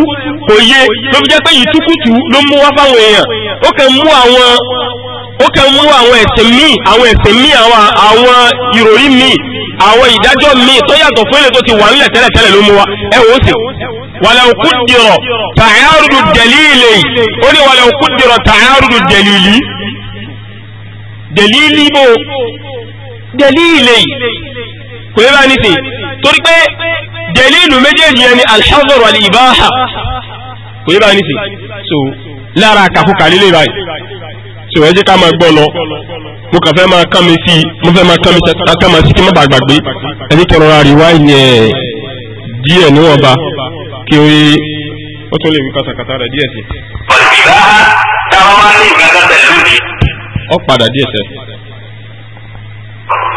kò yé ló fi jẹ́ pé ìtukùtù ló mú wá fáwọn èèyàn ó kàn mú àwọn ó kàn mú àwọn ẹ̀sìn míì àwọn ẹ̀sìn míì àwọn àwọn ìròrí míì àwọn ìdájọ́ míì tó yàtọ̀ fún èlé tó ti wà nílẹ̀ tẹ́lẹ̀tẹ́lẹ̀ ló mú wa ẹ wò ó sì wàlẹ̀ òkúdìrọ̀ tàyárùdù dẹ̀líìlì ó ní wàlẹ̀ òkúdìrọ̀ tàyárùdù dẹ̀líìlì dẹ̀líìlì bò dẹ̀líìlì kò yẹ báyìí nísìn torí pé dẹ̀lílù méjèèjì yẹn ni al-hazr wal-ibaha kò yẹ báyìí nísìn so lára àkàkùkà lílé báyìí so ẹ jẹ́ ká máa gbọ́ lọ mo kàn fẹ́ máa kán mi sí mo fẹ́ máa kán mi kán máa sí kí n má bàa gbàgbé ẹ ní kẹrọra àríwá yẹn díẹ̀ níwọ̀nba kí o yé ó tún lè wí kàtàkàtà rẹ̀ díẹ̀ sí. ìbára táwọn sẹ́.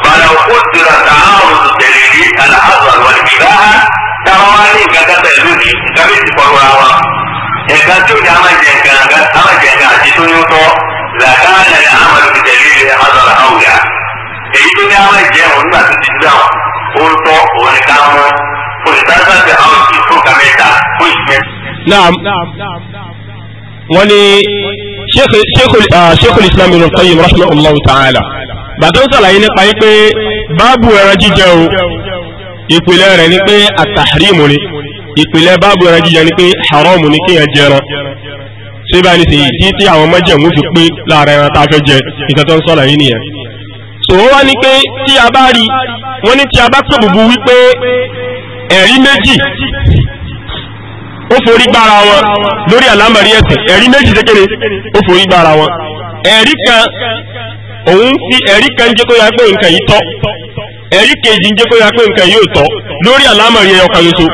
bàlá òkú dira ha táwọn wá ní nǹkan kan pẹ̀lú kí nǹkan bí ti pọ̀lú ra wa. nǹkan tí ó ní amájẹ nǹkan amájẹ nǹkan àti tó ní ó tọ́ làkà nàlẹ́ amadu fi tẹ̀lé ilé azọ̀rọ̀ àwùjá. èyí tó ní amájẹ òun nígbà tó ti dá ó ń tọ́ òun ní ká mú olùdásàtì àwọn tí fún kàmẹ́ta fún ìgbẹ́. naam wọ́n ní sheikh Sheikhul ah, islam ibn qayyim rahmanahu ta'ala bàtà ń sàlàyé nípa yí pé báàbù ẹran jíjẹ o ìpìlẹ̀ rẹ̀ ni pé àtàrímù ni ìpìlẹ̀ báàbù ẹran jíjẹ ni pé haramu ni kéèyàn jẹran ṣé bá ní sì yìí títí àwọn mọ́jẹ̀mú fi pé láàrin ẹran tá a fẹ́ jẹ nǹkan tó ń sọ̀rọ̀ yìí nìyẹn. sòwò wá ni pé tí a bá rí wọ́n ní tí a bá pè bùbù wípé ẹ̀rí méjì ó forí gbára wọn lórí àlámọ̀rí ẹ̀sìn ẹ̀rí méjì kékeré ó forí gbára wọn ẹ̀rí kan òun fi ẹ̀rí kan jẹ́ kó yá pé nǹkan yìí tọ́ ẹ̀rí kejì ń jẹ́ kó yá pé nǹkan yóò tọ́ lórí àlámọ̀rí ẹyọ kan ṣoṣo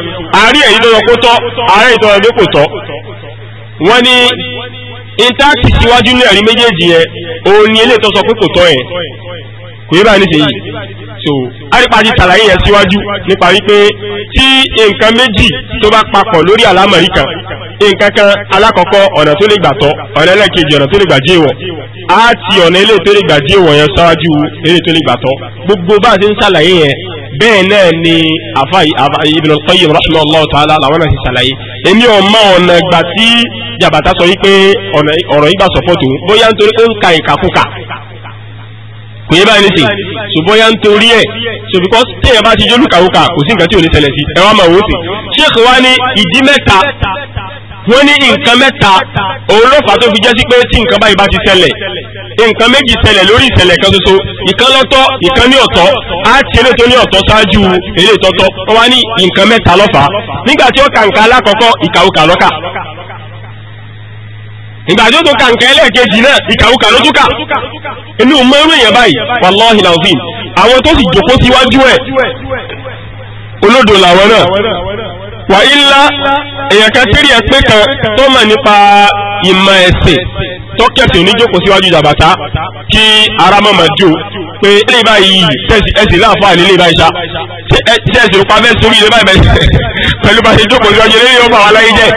àárí ẹ̀yí lọ́yọ kó tọ́ ààrẹ ìtọ́rọ ẹgbẹ́ kò tọ́ wọ́n ní intact síwájú ní ẹ̀rí méjèèjì yẹn òun ni eléyìí tó pé kò tọ́ yẹn kò yé báyìí nísìnyí so àrípa ti tàlàyé yẹn síwájú nípa wípé tí nǹkan méjì tó bá papọ̀ lórí àlámọ̀rí kan nǹkankan alákọ̀ọ́kọ́ ọ̀nà tó lè gbà tọ́ ọ̀nà ẹlẹ́ẹ̀kejì ọ̀nà tó lè gbà jẹ́ ìwọ̀ á ti ọ̀nà ilé tó lè gbà jẹ́ ìwọ̀ yẹn ṣáájú ilé tó lè gbà tọ́ gbogbo bá a ti ń ṣàlàyé yẹn bẹ́ẹ̀ náà ni àfa Ibn al-Qayyim rahimahullahu ta'ala làwọn náà ti ṣàlàyé èmi ò mọ ọ̀nà gbà tí jàbàtà sọ wípé ọ̀rọ̀ yìí gbà sọ́pọ̀tù bóyá nítorí ó ń ka ìkàkùkà kò yẹ báyìí nísìn ṣùgbọ́n ya ń torí ẹ̀ so because téèyàn bá ti jólùkàwùkà kò sí nǹkan tí ò ní ṣẹlẹ̀ sí ẹ wá máa wò ó sì ṣéèkì wá ní ìdí mẹ́ta wọ́n ní nǹkan mẹ́ta òun ló fà tó fi jẹ́ sí pé tí nǹkan báyìí bá ti ṣẹlẹ̀ nǹkan méjì ṣẹlẹ̀ lórí ìṣẹ̀lẹ̀ kan ṣoṣo ìkan lọ́tọ̀ ìkan ní ọ̀tọ̀ á ti eré tó ní ọ̀tọ̀ ṣáájú eré ìtọ́tọ̀ wọ́n wá ní nǹkan mẹ́ta lọ́fà nígbà tí ó kà nǹkan alákọ̀ọ́kọ́ ìkàwùkà lọ́kà ìgbà tí ó tún kà nǹkan ẹlẹ́ẹ̀kejì náà ìkàwùkà ló túkà inú mọ́rún wà ílá èyàn kan kéré ẹ pé kan tó mọ̀ nípa ìmọ̀ ẹ̀sìn tọ́kẹ̀tì oníjókòó síwájú jàbàtà kí ara mọ̀mọ̀ jò pé ilé báyìí ẹ̀sìn láàfáà nílé báyìí ṣá tí ẹ̀sìn ló pa fẹ́ sórí ilé báyìí bẹ́ẹ̀ pẹ̀lú bá ṣe jókòó síwájú ilé yóò bá wa láyé jẹ́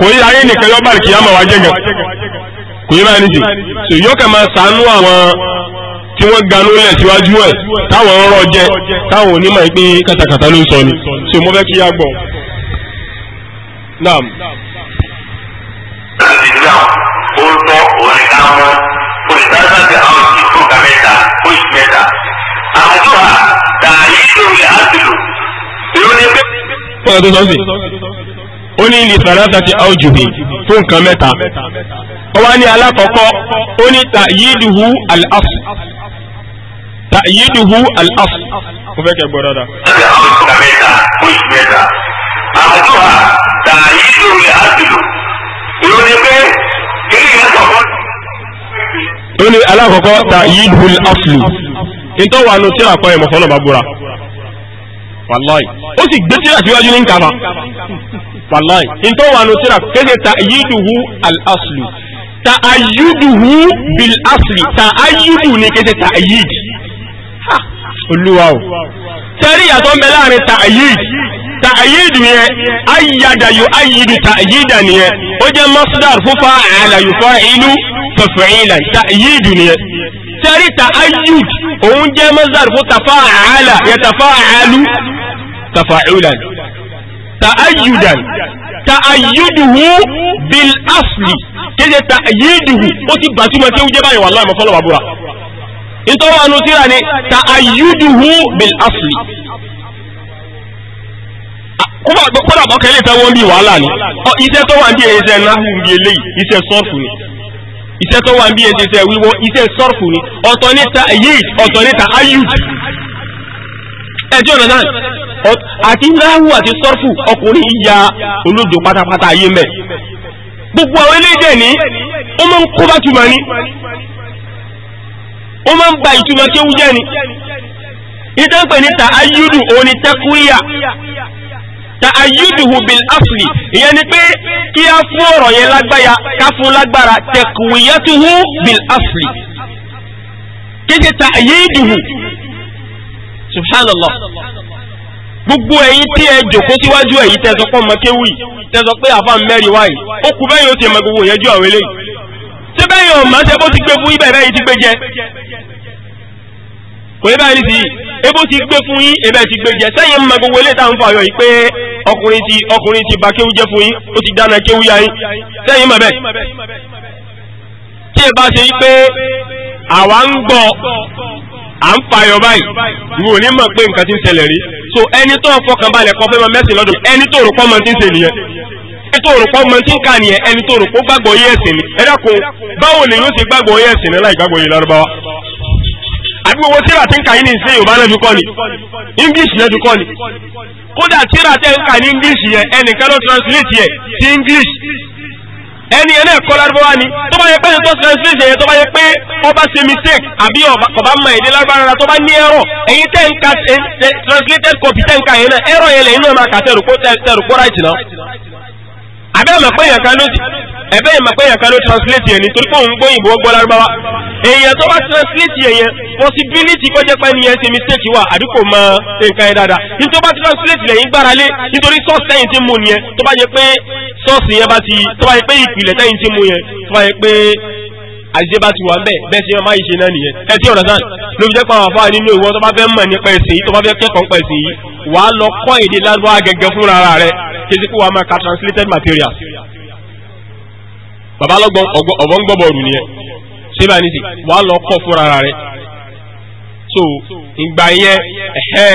kò yí ayé nìkan yọ́ bá kìí àmọ̀ wá jẹ́ gan kò yí báyìí nìyí yóò kẹ́ máa sànú àwọn tí wọ́n ganú lẹ̀ síwájú ẹ̀ táwọn ọ̀rọ̀ jẹ táwọn onímọ̀ ẹ̀ pé kàtàkàtà ló ń sọ ni so mo fẹ́ kí a gbọ́. naam. láti gbà ó ń tọ́ òrìn káwọn olùdájọ́ ti àwọn ìdí tó ga mẹ́ta ó sì mẹ́ta àwọn tó wà dàáyé lórí àdìlù ìlú ni pé. pọ́n tó sọ́sì ó ní ilé sàrátà ti àwùjùbí fún nǹkan mẹ́ta ó wá ní alákọ̀ọ́kọ́ ó ní tàyídùú al-asl ta'yiduhu al-asl mo fẹ́ kẹ́ gbọ́ dáadáa. àwọn oṣù mẹ́ta oṣù mẹ́ta àwọn tó wà ta'yiduhu al-asl ìròyìn pé kíni ìyá sọ̀kọ́. ó ní alákọ̀ọ́kọ́ ta'yiduhu al-asl ìtọ́wà ló tí àpá ẹ̀mọ̀ fọ́nà bá búra wàláì ó sì gbé tíra síwájú ní nkàmà wàláì ìtọ́ wà ló tíra kéde ta ayíduhu al-aslu ta ayíduhu bil-asli kéde ta olúwa o tẹ́rí ìyàtọ̀ ń bẹ láàrin ta'yid ta'yid yẹn ayyada yu ayyidu ta'yida nìyẹn ó jẹ́ masdar fún fa'ala yufa'ilu taf'ilan ta'yid nìyẹn tẹ́rí ta'ayyud òun jẹ́ masdar fún tafa'ala yatafa'alu tafa'ulan ta'ayyudan ta'ayyuduhu bil asli kéde ta'yiduhu ó ti bàtúmọ̀ tí ó jẹ́ báyìí wà láàmú fọlọ́wà nítorí àánú tíra ni ta ayúdùhù bil asli afri ah, bọ́ kẹ́lẹ́ fẹ́ wọ́n bí wàhálà ni iṣẹ́ tó wà ń bí ẹ̀ṣẹ̀ náà ń bí eléyìí iṣẹ́ sọ́ọ̀fù ni iṣẹ́ tó wà ń bí ẹ̀ṣẹ̀ wíwọ́ iṣẹ́ sọ́ọ̀fù ni ọ̀tọ̀ ní ta yéèd ọ̀tọ̀ ní ta ayúd ẹjọ́ náà àti náhù àti sọ́ọ̀fù ọkùnrin ìyá pátápátá ayé mẹ́ gbogbo àwọn eléyìí dẹ̀ ní ó máa ń kó bá túmọ̀ ní ó máa ń gba ìtumọ̀ kéwú jẹ́ ni ìtẹ́pẹ̀ ní ta ayúdù òní tẹ́kúyà ta ayúdùhù bil asli ìyẹn ni pé kí a fún ọ̀rọ̀ yẹn lágbára ká fún lágbára tẹkùwìyàtùhù bil asli kéde ta ayédùhù subhanallah gbogbo ẹ̀yin tí ẹ jòkó síwájú ẹ̀yin tẹsán pọ mọ kéwì tẹsán pé àfa mẹ́rin wáyé ó kú bẹ́yìn ó ti mọ gbogbo yẹn ju àwọn eléyìí ṣé bẹ́ẹ̀ yóò máa ṣe bó ti gbé fún yín bẹ́ẹ̀ yìí ti gbé jẹ kò yẹ báyìí sí ebó ti gbé fún yín ebẹ́ ti gbé jẹ sẹ́yìn mọ gbogbo ilé tá à ń fa ayọ̀ yìí pé ọkùnrin ti ọkùnrin ti bà kéwú jẹ́ fún yín ó ti dáná kéwú ya yín sẹ́yìn mọ bẹ́ẹ̀ tí ẹ bá ṣe yí pé àwa ń gbọ́ à ń fayọ báyìí ìwọ ò ní mọ̀ pé nǹkan ti ń ṣẹlẹ̀ rí so ẹni tó fọkàn balẹ̀ kọ́ fẹ́ mọ mẹ́sìn lọ́dún ẹni tó rò pọ́ mọ ti ń ṣe nìyẹn ẹni tó rò pọ́ ọmọ tí ń kà nìyẹn ẹni tó rò pọ́ gbàgbọ́ yé ẹ̀sìn ni ẹ dákun báwo lè yóò ṣe gbàgbọ́ yé ẹ̀sìn ni láì gbàgbọ́ yé lárúbáwá àbí owó tíra tí ń kà yín ní ìsìn yorùbá náà fi ni english náà fi kọ́ ni kódà tíra tẹ́ ń kà ní english yẹn ẹnìkan ló translate yẹ sí english ẹni ẹni ẹ̀kọ́ lárúbáwá ni tó bá yẹ pé tó translate yẹn tó bá yẹ pé ọba ṣe mistake àbí ọba mọ èdè lárúbáwá tó bá ní ẹ̀rọ ẹ̀yin tẹ́ ń ka translated copy tẹ́ ń ka yẹn náà ẹ̀rọ yẹn lẹ́yìn náà máa kà tẹ̀rù kó right náà abẹ́ ọmọ pé èèyàn kan ló ẹ̀bẹ́ ìmọ̀ pé èèyàn kan ló translate yẹn ni torí pé òun gbóyìnbó gbọ́ lárúbáwá èèyàn tó bá translate yẹn yẹn possibility kó jẹ́ pé ní yẹn ṣe mistake wà àdúgbò mọ nǹkan yẹn dáadáa ní tó bá translate lẹ́yìn gbára lé nítorí source tẹ́yìn ti mú nìyẹn tó bá yẹ pé source yẹn bá ti tó bá yẹ pé ìpìlẹ̀ tẹ́yìn ti mú yẹn tó bá yẹ pé àṣìṣe bá ti wà ńbẹ̀ bẹ́ẹ̀ sí máa ìṣe náà nìyẹn ẹ tí ọ̀rọ̀ sáà ló fi jẹ́ pàwọn àfáà nínú ìwọ tó bá fẹ́ mọ̀ nípa ẹ̀sìn yìí tó bá fẹ́ kẹ́kọ̀ọ́ nípa yìí wàá lọ kọ́ èdè lárúbáwá gẹ́gẹ́ fúnra rẹ̀ kéde kó wa ka translated material bàbá lọ́gbọ́n ọ̀gbọ́n gbọ́bọ̀ ọ̀rù nìyẹn ṣé báyìí nìsí wàá lọ kọ́ fúnra rẹ̀ so ìgbà yẹn ẹ̀hẹ́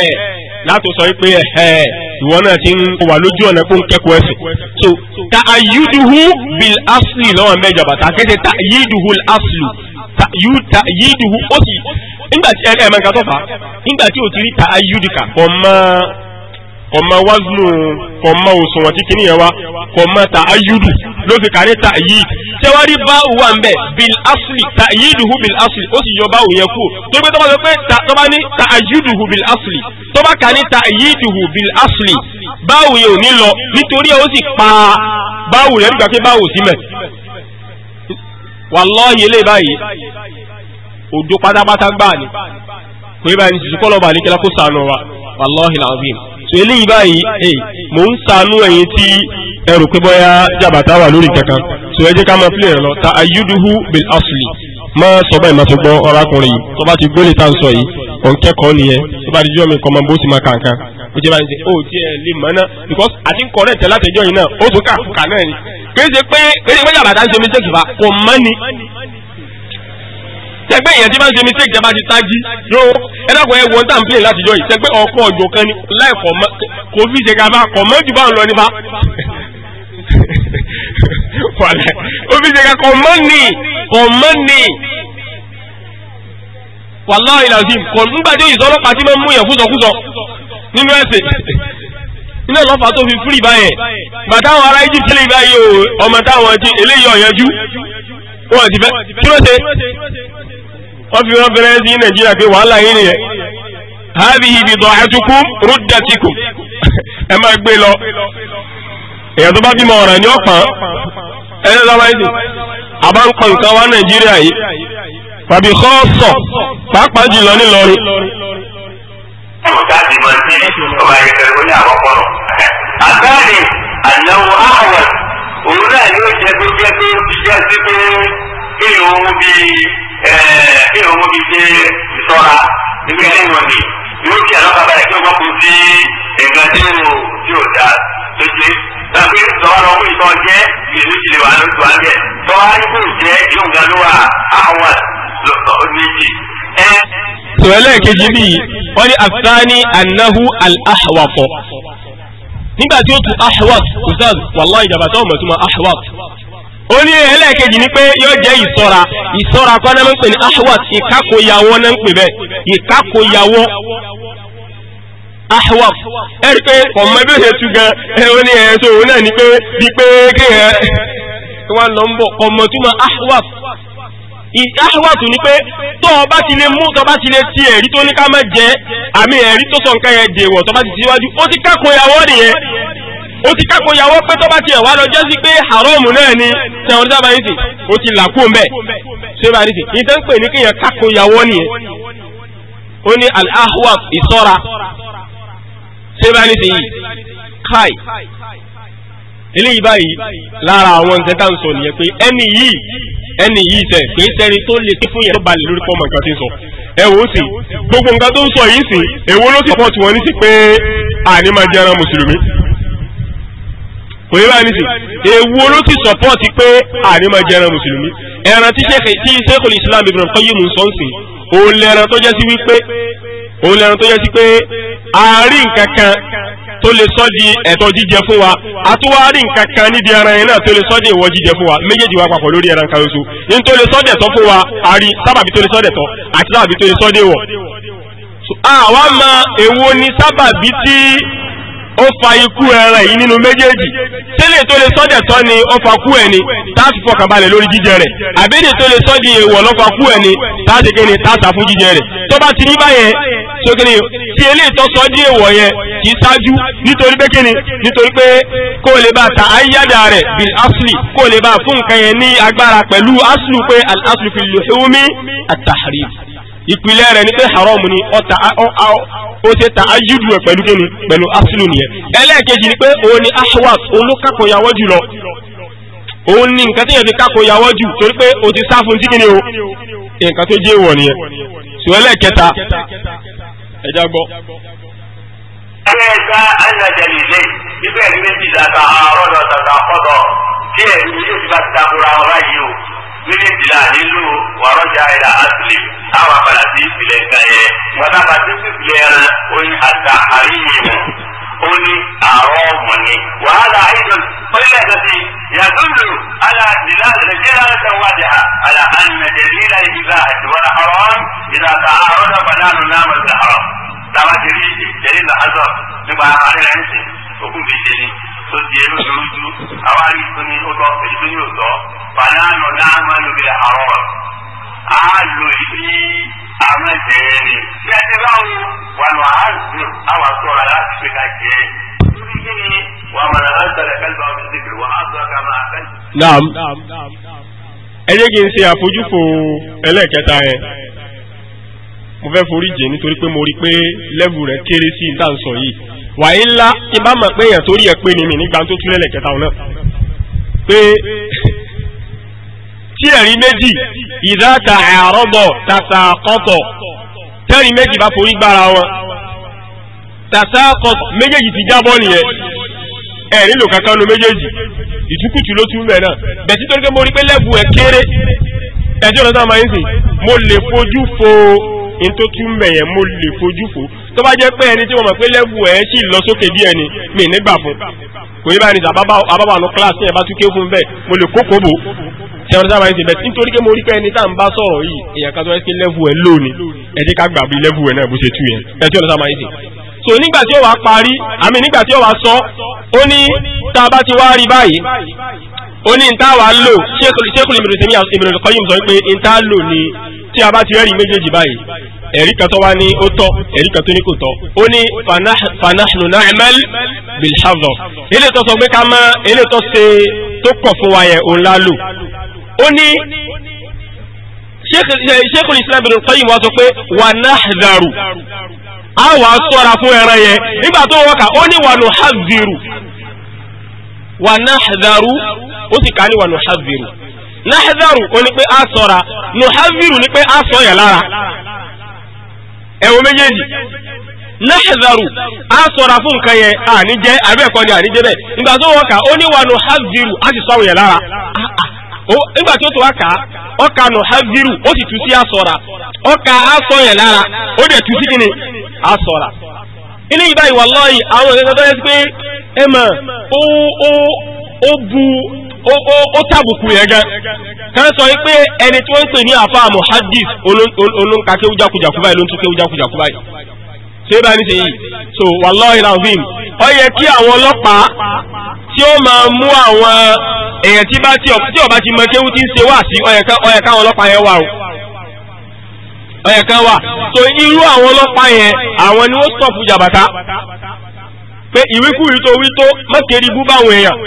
látò sọ pé ẹ̀hẹ́ ìwọ náà ti ń wà lójú ọ̀nà kó ń kẹ́kọ̀ọ́ ẹ̀sìn so ta ayiduhu bil asli lọ́wọ́ mẹ́jọ bàtà kéde ta ayiduhu asli ta ayíduhu ó sì nígbà tí ẹ̀ ẹ̀ mọ̀ nǹkan tó fà nígbà tí ò ti rí ta ayiduka. kọ́ kọ̀mọ waznu kọ̀mọ òṣùwọ̀n tí kìnìyàn wa kọ̀mọ ta ayúdù ló fi kàrí ta yìí tẹwárí báwù wà ń bil asli ta ayúdùhù bil asli ó sì yọ báwù yẹn kú tó gbé tọ́ba sọ pé tọ́ba ta ayúdùhù bil asli tọ́ba kà ní ta ayúdùhù bil asli báwù yẹn ò ní lọ nítorí ẹ̀ ó sì pa báwù yẹn nígbà pé báwù sí mẹ́ wàlọ́ọ̀yì eléyìí báyìí òdo pátápátá gbáà ni kò yẹ báyìí ní sísú kọ́ lọ́ba àníkẹ́lá kó sànù wa wàlọ́ọ̀hì làwọn bíi so eléyìí báyìí ẹ mò ń ṣàánú ẹ̀yin tí ẹrù pé bọ́yá jàbàtà wà lórí kankan so ẹ jẹ́ ká máa fílẹ̀ lọ ta ayúdúhù bil asli má sọ báyìí má tó gbọ́ ọ̀rákùnrin yìí tó bá ti gbólé tá à ń sọ yìí òun kẹ́kọ̀ọ́ nìyẹn tó bá di jọ́ mi kọ́ máa bó ti máa kàǹkà ó jẹ́ báyìí ó ti ẹ̀ lè mọ́ náà because àti ń correct látẹjọ́ yìí náà ó tún kà kà náà ni kì í ṣe pé kì í ṣe pé jàbàtà ń ṣe mistake fa kò mọ́ ni tẹgbẹ́ èèyàn tí bá ń ṣe mistake tẹ bá ti tájí ló ẹ dàgbọ́ ẹ wọ́n tàn plane látijọ́ yìí tẹgbẹ́ ọkọ̀ ọjọ́ kan ní láìkọ̀ kò fi ṣe gàba kọ̀ mọ́ jù bá ń lọ nípa wàlẹ̀ ó fi ṣe kọ̀ mọ́ ní kọ̀ mọ́ ní wàláhì làzim kọ̀ nígbà tí òyìnbó ọlọ́pàá ti máa ń mú yàn kúsọkúsọ nínú ẹ̀sìn iná lọ́fà tó fi fúrì báyẹn bàtàwọn ará Egypt lè báyìí ọmọ táwọn ti eléyìí ọ̀yẹ́jú wọn ti fẹ́ kí ló ṣe wọ́n fi wọ́n fẹ́rẹ́ sí nàìjíríà pé wàhálà yìí nìyẹn hábìhì bìtọ̀ àtúkùm rúdàtìkùm ẹ máa gbé lọ èèyàn tó bá bímọ ọ̀ràn ní ọ̀pàn ẹ̀rẹ́ sábà yìí àbá ń kọ nǹkan wá nàìjíríà yìí tàbí kọ́ sọ pàápàá jùlọ nílọrin. káàdì máa ti ọba ìrẹsẹ̀ ní àwọn ọpọlọ. àgbáàlì àyàwó àwọ̀ òun yóò jẹ́ pé jẹ́ pé jẹ́ sí pé kéèyàn kí ló ń wọ́n fi ṣe ìṣọ́ra ibi ẹni wọ̀n ni yóò ti àlọ́ kaba ẹ̀kí ọgbọ́n kún sí nǹkan tí ó tí ó da tó ṣe náà pé tọ́wọ́ lọ fún ìtọ́ jẹ́ ìlú ti lè wà lóṣù àgbẹ̀ tọ́wọ́ ayélujára jẹ́ yóò ga ló wà àwọn méjì. tòwẹ́lẹ̀ kejì bíi wọ́n ní afghani anahu al-ahwafọ nígbà tí ó tu ahwaf ustaz wàlláhi ìjàmbá tó mọ̀ ó ní ẹlẹ́ẹ̀kejì ni pé yóò jẹ́ ìsọ́ra ìsọ́ra kọ́ náà ń pè ní ahwat ìkákòyàwó náà ń pè bẹ́ẹ̀ ìkákòyàwó ahwat ẹ̀rí pé ọmọ ẹbí òṣèlú tu gan ẹ ó ní ẹ̀ tó òun náà ni pé bí pé kí ẹ kí wọ́n lọ ń bọ̀ ọmọ túmọ̀ ahwat ìdáhùwàtù ni pé tó ọba ti lè mú tọba ti lè ti ẹ̀rí tó ní ká má jẹ́ àmì ẹ̀rí tó sọ nǹkan yẹn dèwọ̀ tọba ti síwájú ó ti kákòyàwó nìyẹn ó ti kápò yàwó pé tó bá ti ẹ̀wà lọ jẹ́ sí pé haramu náà ni tẹ̀wọ̀n sábà ní sí ó ti là kú mbẹ́ sábà ní sí kí n tẹ́ ń pè ní kéèyàn kápò yàwó nìyẹn ó ní al-ahwa ìsọ́ra sábà ní sí yìí káì eléyìí báyìí lára àwọn nǹkan tá à ń sọ nìyẹn pé ẹni yìí ẹni yìí sẹ pé sẹni tó lè ké fún yẹn tó balẹ̀ lórí pọ́ọ̀mù nǹkan tí ń sọ ẹ wò ó sì gbogbo nǹkan tó ń sọ yìí sì èwo ló sì pọ̀ tí ní sí pé àní máa jẹ́ ara mùsùlùmí kò yẹ báyìí nísì èwo ló ti sọpọ́ọ̀tì pé àníma jẹ́ ẹran mùsùlùmí ẹran tí sẹ́kùlù islam ibn al-qayyim sọ́ǹsì òun lẹ́ran tó jẹ́ sí wípé òun lẹ́ran tó jẹ́ sí pé àárín kankan tó lè sọ di ẹ̀tọ́ jíjẹ fún wa àtúwárí nǹkan kan nídìí ẹran yẹn náà tó lè sọ di ìwọ jíjẹ fún wa méjèèjì wa papọ̀ lórí ẹran kan oṣù ní tó lè sọ dẹ̀tọ́ fún wa àrí sábàbí tó lè sọ dẹ̀tọ́ àti sábàbí tó lè sọ dẹ̀wọ̀. àwa mọ èwo ni sábàbí tí ó fa ikú ẹran yìí nínú méjèèjì tẹ́lẹ̀ tó lè sọ́dẹ̀ tọ́ ni ó fa kú ẹ̀ ni táàfì fọkànbalẹ̀ lórí jíjẹ rẹ̀ àbẹ́dẹ̀ tó lè sọ́dẹ̀ èèwọ̀ ló fa kú ẹ̀ ni táàtì kí ni táàtà fún jíjẹ rẹ̀ tó bá ti rí báyẹn tó kí ni tí eléyìí tó sọ́dẹ̀ èèwọ̀ yẹn kì í ṣáájú nítorí pé kí nítorí pé kó lè bá ta àyíyáda rẹ̀ bil asli kó lè bá fún nǹkan yẹn ní agbára pẹ̀lú aslu pé al fi lè hewumi at ìpìlẹ̀ rẹ̀ ní pé haram ni ọta ó ṣe ta ayúdù ẹ̀ pẹ̀lú kíni pẹ̀lú aslu nìyẹn ẹlẹ́ẹ̀kejì ni pé òun ni ashwat olókàkọyàwó jùlọ òun ni nǹkan tí yẹn fi kàkọyàwó jù torí pé o ti sáfún tí kíni o nǹkan tó jẹ́ ìwọ̀ nìyẹn sọ ẹlẹ́ẹ̀kẹta ẹ̀já gbọ́. ẹlẹ́ẹ̀ka alájẹlẹ́lẹ́ ibẹ̀ ni méjì dàtà àárọ̀ dàtà àkọ́tọ̀ tí ẹ̀rí yóò ti bá ti dàbòrò àwọn báyìí o méjèèjì la nílò wàrọ̀jà ìlà asìlè táwọn abala ti ìpìlẹ̀ nǹkan yẹn wọn náà bá ti ìpìlẹ̀ yẹn oyin àti àríyìn naam ẹ jẹ́ kí n ṣe àfojúfò ẹlẹ́ẹ̀kẹta yẹn mo fẹ́ forí jì nítorí pé mo rí pé lẹ́bù rẹ̀ kéré sí ìdá nsọ yìí wàyí ńlá ibà mọ̀ pé èèyàn torí ẹ̀ pé ni mi nígbà tó tún lẹ́lẹ̀kẹta náà pé tí ẹ̀rí méjì ìdá ta àrọ́bọ̀ tàtà kọ́tọ̀ tẹ́rí méjì bá forí gbára wọn tàtà kọ́tọ̀ méjèèjì ti jábọ́ nìyẹn ẹ nílò kankan nu méjèèjì ìtukùtù ló tún bẹ̀ náà bẹ̀tí tó ń gbé mo rí pé lẹ́bù ẹ̀ kéré ẹjọ́ lọ́sàn máa ń sìn mo lè fojú fo in tó tún bẹ̀ yẹn mo lè fojú fo tó bá jẹ́ pé ẹni tí mo mọ̀ pé lẹ́bù ẹ̀ sì lọ sókè díẹ̀ ni mi nígbà fún kò yí báyìí nìta àbábà nù kíláàsì yẹn bá tún ké fún bẹ́ẹ̀ mo lè kókó bò ṣẹ́wọ́n sábà ń sìn bẹ́ẹ̀ nítorí pé mo rí pé ẹni tá à ń bá sọ̀rọ̀ yìí èèyàn kan tó ẹ́ sí lẹ́bù ẹ̀ lónìí ẹ jẹ́ so nígbà tí ó wá parí àmì nígbà tí ó wá sọ ó ní tá a bá ti wá rí báyìí ó ní nta wàá lò ṣékùlù ìbìrìtì ní Ibnul Qayyim sọ pé nta lò ní tí a bá ti rẹ́rìí méjèèjì báyìí ẹ̀rí kan tó wá ní ó tọ́ ẹ̀rí kan tó ní kò tọ́ ó ní fanahnu na'mal bilhazor eléyìí tó sọ pé ká máa eléyìí tó ṣe tó kọ̀ fún wa yẹn òun lálò ó ní ṣékùlù Islam Ibnul Qayyim wá sọ pé wà náà dàrú a wà sọ́ra fún ẹran yẹn nígbà tó wọ́ka ó ní wà nuhadhiru wà nahdharu ó sì ká ní wà nuhadhiru nahdharu ó ní pé a sọ́ra nuhadhiru ní pé a sọ yẹn lára ẹ̀wọ̀n méjèèjì nahdharu a sọ́ra fún nǹkan yẹn àníjẹ́ àbẹ́ẹ̀kọ́ ni àníjẹ́ bẹ́ẹ̀ nígbà tó wọ́ka ó ní wà nuhadhiru a sì sọ àwọn lára ah, ah. nígbà tí ó tó wá kà ọkà nù haziru ó sì tú sí asọ̀ra ọkà asọ yẹn lára ó dẹ̀ tú sí kíni asọ̀ra. ilé ìgbà ìwà lọ́ọ̀yì àwọn ìgbà tó yẹ pé ẹ mọ̀ ó bu ó ó ó tàbùkù yẹn gan kan sọ pé ẹni tí wọ́n ń pè ní àfa muhaddis báyìí ló ń tún báyìí ṣé báyìí so làwọn yẹ kí àwọn tí ó máa mú àwọn èèyàn tí bá tí ọba ti mọ kéwú tí ń ṣe wà sí ọyẹ káwọn ọlọ́pàá yẹn wà o ọyẹ wà so irú àwọn ọlọ́pàá yẹn àwọn ni wọ́n stọ̀fù jàbàtà pé ìwíkúwí tó wí tó mọ́kèrè ibú báwọn èèyàn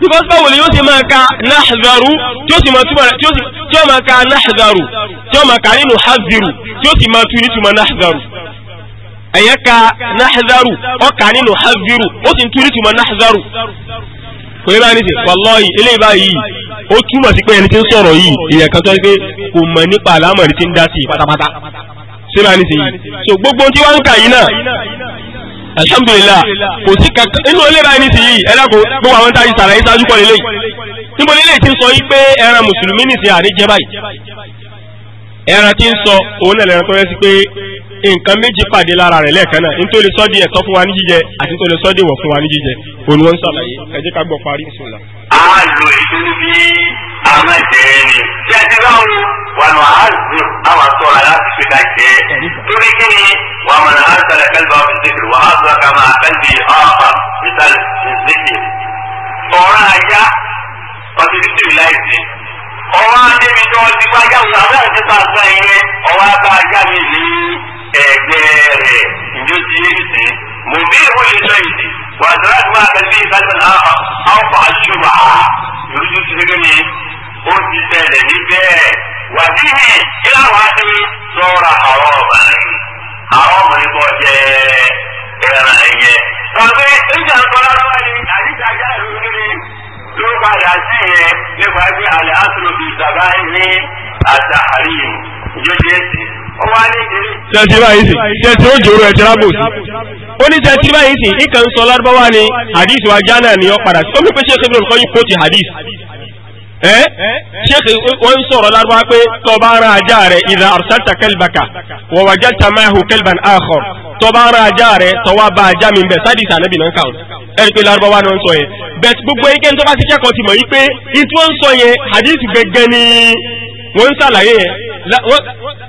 because báwo ni yóò ṣe máa ka náhàzàrú tí ó sì máa túmọ̀ tí ó máa ka náhàzàrú tí ó máa ka nínú hàzìrù tí ó sì máa tú nítumọ̀ náhàzàrú. ẹ̀yẹ́ ka náhàzárù ọkà nínú haziru ó sì ń túrí túmọ̀ náhàzárù kò ní bá ní sí wàlọ́ọ̀yì eléyìí báyìí ó túmọ̀ sí pé ẹni tí ń sọ̀rọ̀ yìí kan tó ń pé kò mọ̀ nípa tí ń dá sí so gbogbo tí wọ́n ń kà yìí náà alhamdulillah kò sí kankan inú ilé báyìí ní sìyí ẹlẹ́kùn gbogbo àwọn táyì sàlàyé sáájú sọ yí pé ẹran mùsùlùmí nìsín àríjẹ báyìí ẹran tí ń sọ òun nǹkan méjì pàdé lára rẹ̀ lẹ́ẹ̀kan náà nítorí lè sọ́dí ẹ̀tọ́ fún wa ní jíjẹ àti nítorí lè sọ́dí ìwọ̀ fún wa ní jíjẹ òun wọn ká gbọ́ a lo ìdúró bí àwọn ẹ̀jẹ̀ ni bí a ti ráhùn wà nù àhàzù àwọn sọ aláàfin fi ká jẹ torí kí ni wà á mọ̀nà àhàzù alẹ́ kálíbà fi zikiri wà ká máa ọ̀pá ẹ̀gbẹ́ rẹ̀ ìjọ ti yé mo bí ìwé lè wà á náà ni ó ti ṣẹlẹ̀ tẹ̀sí báyìí sì tẹ̀sí ó jòrò ẹ̀tẹ́rà bò sí ó ní tẹ̀sí báyìí sì ìkà ń sọ lárúbáwá ni hadith wa jana ni ọ padà sí ó mú pé Sheikh Ibrahim Qayyim kó ti hadith ẹ́ Sheikh wọ́n ń sọ̀rọ̀ lárúbáwá pé tọba ara ajá rẹ̀ idha arsalta kalbaka wa wajadta ma'ahu kalban akhar tọba ara ajá rẹ̀ tọwa bá ajá mi bẹ̀ sádìsì ànábì náà kàn ẹ̀rí pé lárúbáwá ni wọ́n sọ yẹn bẹ̀t gbogbo ẹnikẹ́ni tó wọ́n ń sàlàyé yẹn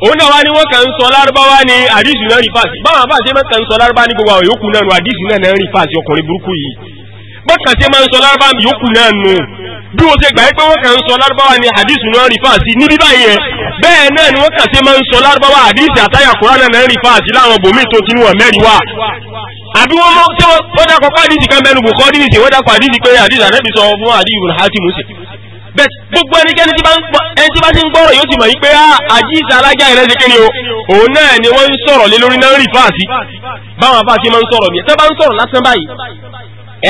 òun náà wá ní wọ́n kàn ń sọ lárúbáwá ní àdìsù náà rí fàṣì báwọn àbáṣe máa kàn ń sọ lárúbá ní gbogbo àwọn yòókù náà nù àdìsù náà rí fàṣì ọkùnrin burúkú yìí bọ́kàn tí máa ń sọ lárúbá yòókù náà nù bí wọ́n ṣe gbà pé wọ́n kàn ń sọ lárúbáwá ní àdìsù náà rí fàṣì ní bíbá yẹn bẹ́ẹ̀ náà ni wọ́n kàn ṣe máa ń sọ lárúbáwá àdìsù àtàyà kúránà náà rí fàṣì láwọn bòmí tó ti níwọ̀n mẹ́rin wá àbí wọ́n mọ́ tí wọ́n dákọ̀ pé àdìsù kan mẹ́nu bùkọ́ àdìsù wọ́n dákọ̀ àdìsù bẹ́ẹ̀ gbogbo ẹnikẹ́ni tí bá ń gbọ́ ẹni tí bá ti ń gbọ́rọ̀ yóò ti mọ̀ yìí pé àjíǹsà alájà ìrẹsẹ̀ kí ni o òun náà ni wọ́n ń sọ̀rọ̀ lé lórí náà rí fáàsì báwọn afáàsì máa ń sọ̀rọ̀ mi tẹ́ bá ń sọ̀rọ̀ lásán báyìí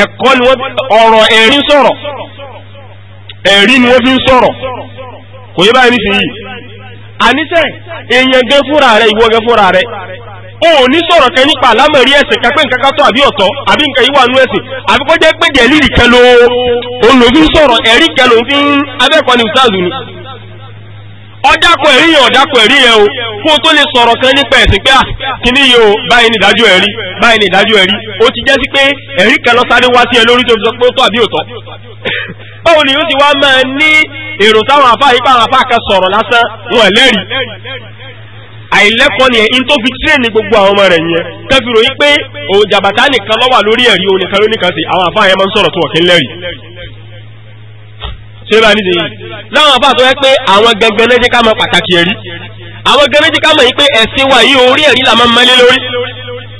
ẹ̀kọ́ ni wọ́n ọ̀rọ̀ ẹ̀rí sọ̀rọ̀ ẹ̀rí ni wọ́n fi ń sọ̀rọ̀ kò yẹ báyìí nísìnyí àníṣe èèyàn gẹ́ fúnra rẹ̀ ìwọ gẹ́ fúnra rẹ̀ o ni ní sọ̀rọ̀ kan nípa àlámọ̀rí ẹ̀sìn kan pé nǹkan kan tó àbí ọ̀tọ̀ àbí nǹkan yìí nú ẹ̀sìn àbí kó jẹ́ pé dẹ̀líìrì kan sọ̀rọ̀ ẹ̀rí fi ń abẹ́kọ̀ ní ìsáàzù ni. ọ̀dàpọ̀ ẹ̀rí yẹn ọ̀dàpọ̀ ẹ̀rí yẹn o kó o tó lè sọ̀rọ̀ ah, o báyìí ni ìdájọ́ ẹ̀rí báyìí ni ìdájọ́ ẹ̀rí ó ti jẹ́ sí pé ẹ̀rí o sáré wá ni ti wá máa ní èrò táwọn àfáà yìí àfáà kan sọ̀rọ̀ lásán àìlẹ́kọ́ ni ẹ̀yìn tó fi tírẹ̀nì gbogbo àwọn ọmọ rẹ̀ yẹn kẹfìrò yí pé òun jàbàtà nìkan lọ́wà lórí ẹ̀rí òun nìkan ló nìkan sí àwọn àfáà yẹn máa ń sọ̀rọ̀ tó wọ̀kí lẹ́rìí ṣé bá nídìí láwọn àfáà tó yẹ pé àwọn gangan lẹ́jẹ́ ká mọ pàtàkì ẹ̀rí àwọn gangan lẹ́jẹ́ ká mọ̀ yí pé ẹ̀sìn wa yìí orí ẹ̀rí là máa lórí